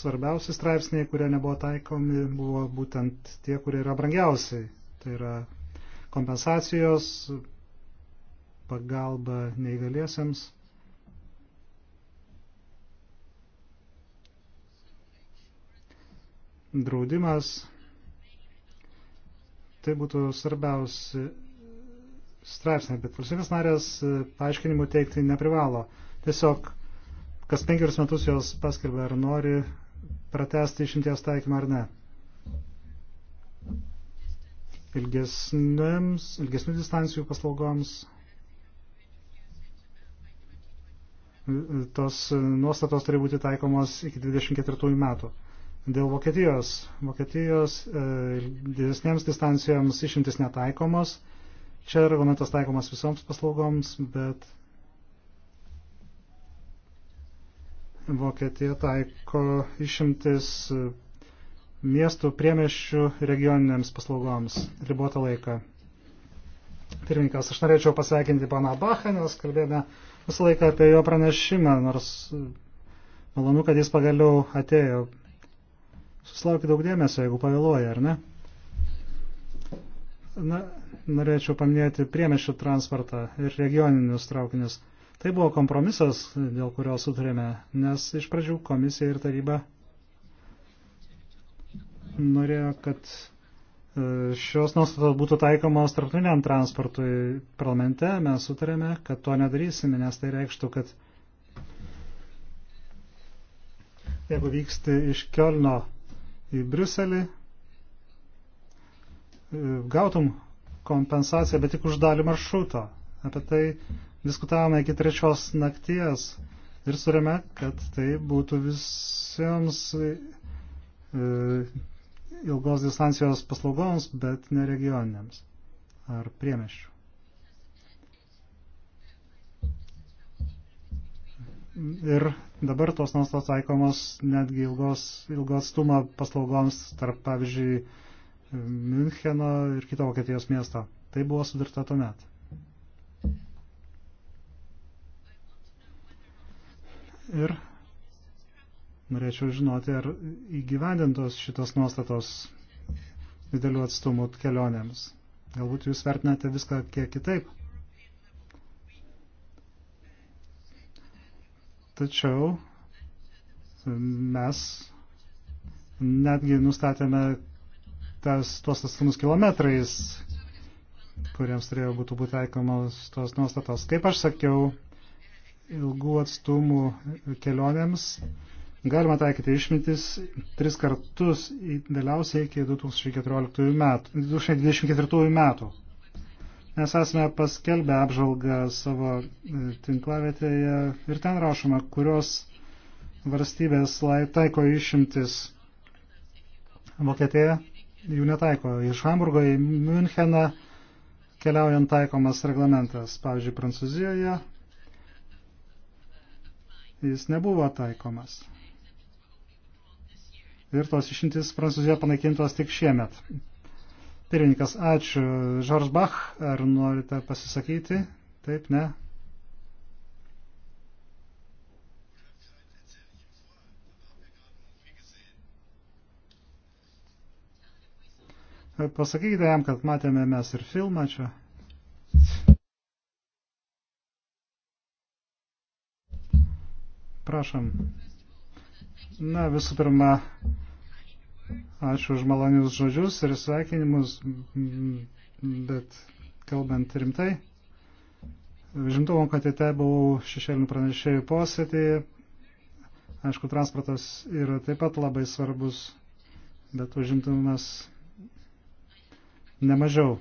svarbiausi straipsniai, kurie nebuvo taikomi, buvo būtent tie, kurie yra brangiausiai. Tai yra kompensacijos, pagalba neįgaliesiems draudimas. Tai būtų svarbiausi straipsniai, bet valstybės narės e, paaiškinimų teikti neprivalo. Tiesiog kas penkerius metus jos paskelbia, ar nori pratesti išimties taikymą ar ne. Ilgesnėms, ilgesnių distancijų paslaugoms e, e, tos nuostatos turi būti taikomos iki 24 metų. Dėl Vokietijos. Vokietijos e, didesnėms distancijoms išimtis netaikomos. Čia reglamentas taikomas visoms paslaugoms, bet Vokietija taiko išimtis e, miestų priemeščių regioniniams paslaugoms ribotą laiką. Pirmininkas, aš norėčiau pasveikinti pana Bachą, nes kalbėjome visą laiką apie jo pranešimą, nors e, malonu, kad jis pagaliau atėjo susilaukia daug dėmesio, jeigu pavėluoja, ar ne? Na, norėčiau paminėti priemešio transportą ir regioninius traukinius. Tai buvo kompromisas, dėl kurio sutarėme, nes iš pradžių komisija ir taryba norėjo, kad e, šios nuostatos būtų taikomos tarptautiniam transportui parlamente. Mes sutarėme, kad to nedarysime, nes tai reikštų, kad jeigu vyksti iš Kielno į Briuselį, e, gautum kompensaciją, bet tik už dalį maršruto. Apie tai diskutavome iki trečios nakties ir surėme, kad tai būtų visiems e, ilgos distancijos paslaugoms, bet ne regioniniams ar priemeščių. ir dabar tos nuostatos taikomos netgi ilgos, ilgos stumo paslaugoms tarp, pavyzdžiui, Müncheno ir kito Vokietijos miesto. Tai buvo sudarta tuomet. Ir norėčiau žinoti, ar įgyvendintos šitos nuostatos didelių atstumų kelionėms. Galbūt jūs vertinate viską kiek kitaip. Tačiau mes netgi nustatėme tas, tuos atstumus kilometrais, kuriems turėjo būtų būti taikomos tos nuostatos. Kaip aš sakiau, ilgų atstumų kelionėms galima taikyti išmintis tris kartus vėliausiai iki 2014 metų, 2024 metų. Mes esame paskelbę apžvalgą savo e, tinklavietėje ir ten rašoma, kurios varstybės taiko išimtis. Vokietija jų netaiko. Iš Hamburgo į Müncheną keliaujant taikomas reglamentas. Pavyzdžiui, Prancūzijoje jis nebuvo taikomas. Ir tos išimtis Prancūzijoje panaikintos tik šiemet. Pirmininkas, ačiū. Žorž Bach, ar norite pasisakyti? Taip, ne? Pasakykite jam, kad matėme mes ir filmą čia. Prašom. Na, visų pirma, Ačiū už malonius žodžius ir sveikinimus, bet kalbant rimtai, žimtumo katete buvau šešėlinių pranešėjų posėdėje. Aišku, transportas yra taip pat labai svarbus, bet užimtumas nemažiau.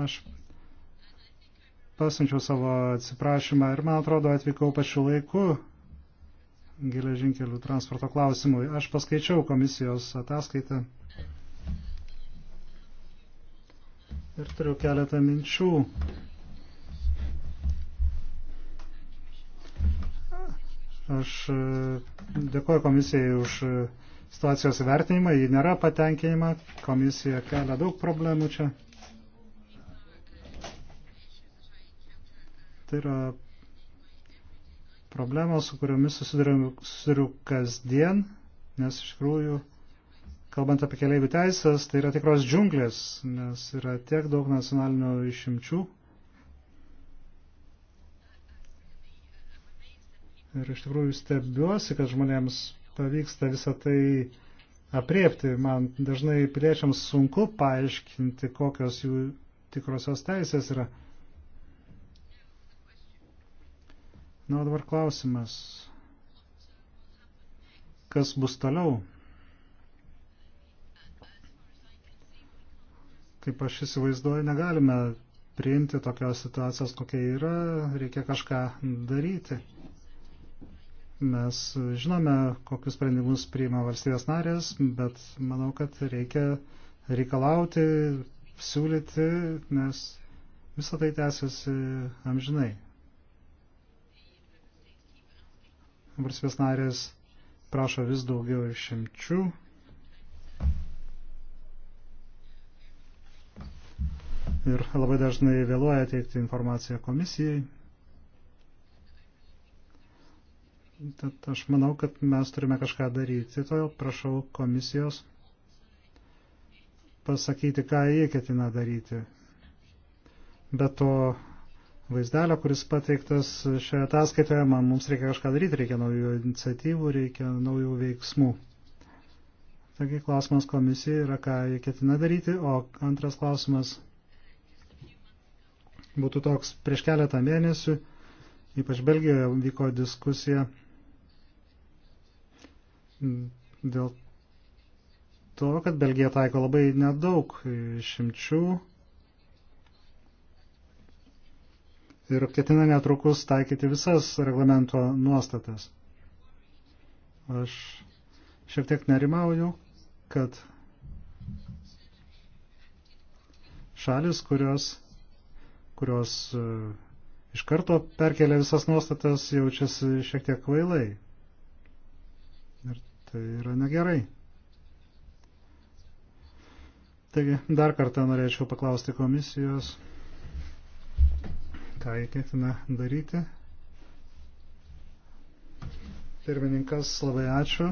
Aš pasinčiau savo atsiprašymą ir man atrodo atvykau pačiu laiku geležinkelių transporto klausimui. Aš paskaičiau komisijos ataskaitą ir turiu keletą minčių. Aš e, dėkoju komisijai už e, situacijos vertinimą, ji nėra patenkinima, komisija kelia daug problemų čia. Tai yra problemos, su kuriomis susiduriu kasdien, nes iš tikrųjų, kalbant apie keliaivių teisės, tai yra tikros džiunglės, nes yra tiek daug nacionalinių išimčių. Ir iš tikrųjų stebiuosi, kad žmonėms pavyksta visą tai apriepti. Man dažnai piliečiams sunku paaiškinti, kokios jų tikrosios teisės yra. Na, dabar klausimas. Kas bus toliau? Kaip aš įsivaizduoju, negalime priimti tokios situacijos, kokia yra, reikia kažką daryti. Mes žinome, kokius sprendimus priima valstybės narės, bet manau, kad reikia reikalauti, siūlyti, nes visą tai tęsiasi amžinai. valstybės narės prašo vis daugiau išimčių. Ir labai dažnai vėluoja teikti informaciją komisijai. Tad aš manau, kad mes turime kažką daryti, todėl prašau komisijos pasakyti, ką jie ketina daryti. Be to vaizdelio, kuris pateiktas šioje ataskaitoje. Man mums reikia kažką daryti, reikia naujų iniciatyvų, reikia naujų veiksmų. Taigi klausimas komisijai yra, ką jie ketina daryti, o antras klausimas būtų toks prieš keletą mėnesių, ypač Belgijoje vyko diskusija dėl to, kad Belgija taiko labai nedaug išimčių ir ketina netrukus taikyti visas reglamento nuostatas. Aš šiek tiek nerimauju, kad šalis, kurios, kurios e, iš karto perkelia visas nuostatas, jaučiasi šiek tiek kvailai. Ir tai yra negerai. Taigi, dar kartą norėčiau paklausti komisijos ką jį ketina daryti. Pirmininkas, labai ačiū.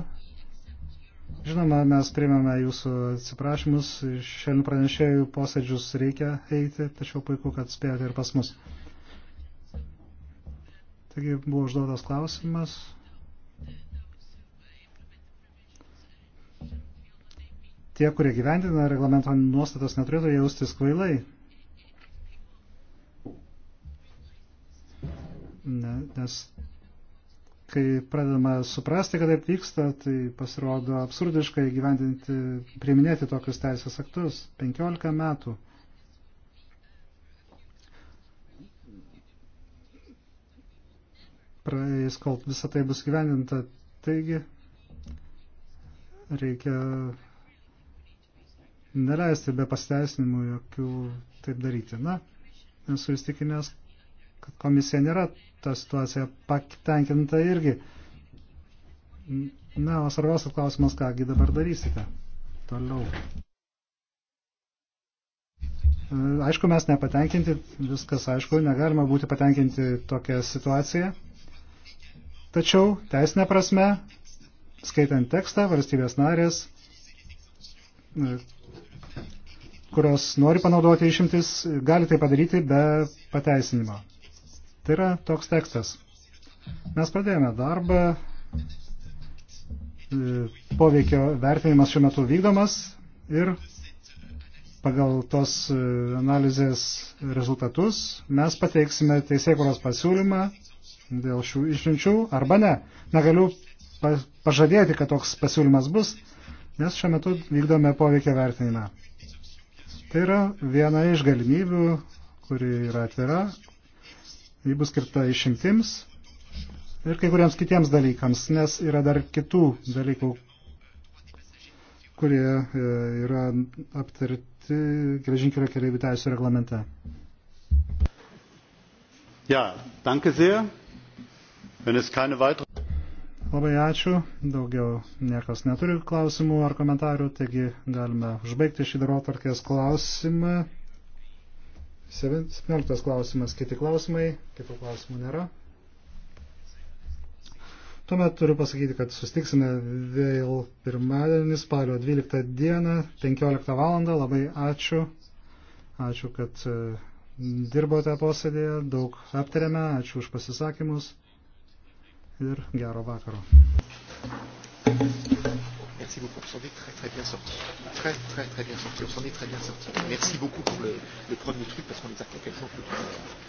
Žinoma, mes priimame jūsų atsiprašymus, šiandien pranešėjų posėdžius reikia eiti, tačiau puiku, kad spėjote ir pas mus. Taigi buvo užduotas klausimas. Tie, kurie gyvendina reglamento nuostatas, neturėtų jaustis kvailai. nes kai pradedama suprasti, kad taip vyksta, tai pasirodo absurdiškai gyvendinti, priminėti tokius teisės aktus 15 metų. praeis, kol visą tai bus gyvendinta. Taigi reikia neleisti be pasteisinimų jokių taip daryti. Na, esu įstikinęs, komisija nėra tą situaciją patenkinta irgi. Na, o svarbiausias klausimas, kągi dabar darysite toliau. Aišku, mes nepatenkinti, viskas aišku, negalima būti patenkinti tokią situaciją. Tačiau, teisinė prasme, skaitant tekstą, valstybės narės, kurios nori panaudoti išimtis, gali tai padaryti be pateisinimo. Tai yra toks tekstas. Mes pradėjome darbą, e, poveikio vertinimas šiuo metu vykdomas ir pagal tos e, analizės rezultatus mes pateiksime teisėkuros pasiūlymą dėl šių išimčių arba ne. Negaliu pažadėti, kad toks pasiūlymas bus, nes šiuo metu vykdome poveikio vertinimą. Tai yra viena iš galimybių, kuri yra atvira, Ji bus skirta išimtims ir kai kuriems kitiems dalykams, nes yra dar kitų dalykų, kurie e, yra aptarti geležinkelio keliaivių teisų reglamente. Ja, danke sehr. Wenn es keine weitere... Labai ačiū. Daugiau niekas neturi klausimų ar komentarų, taigi galime užbaigti šį darotvarkės klausimą. 17 klausimas, kiti klausimai, kitų klausimų nėra. Tuomet turiu pasakyti, kad sustiksime vėl pirmadienį spalio 12 dieną, 15 valandą. Labai ačiū. Ačiū, kad e, dirbote posėdėje, daug aptarėme, ačiū už pasisakymus ir gero vakaro. Thank you merci beaucoup. On s'en est très très bien sorti. Très très très bien sorti. On s'en est très bien sorti. Merci beaucoup pour le, le premier truc parce qu'on les a fait quelque chose.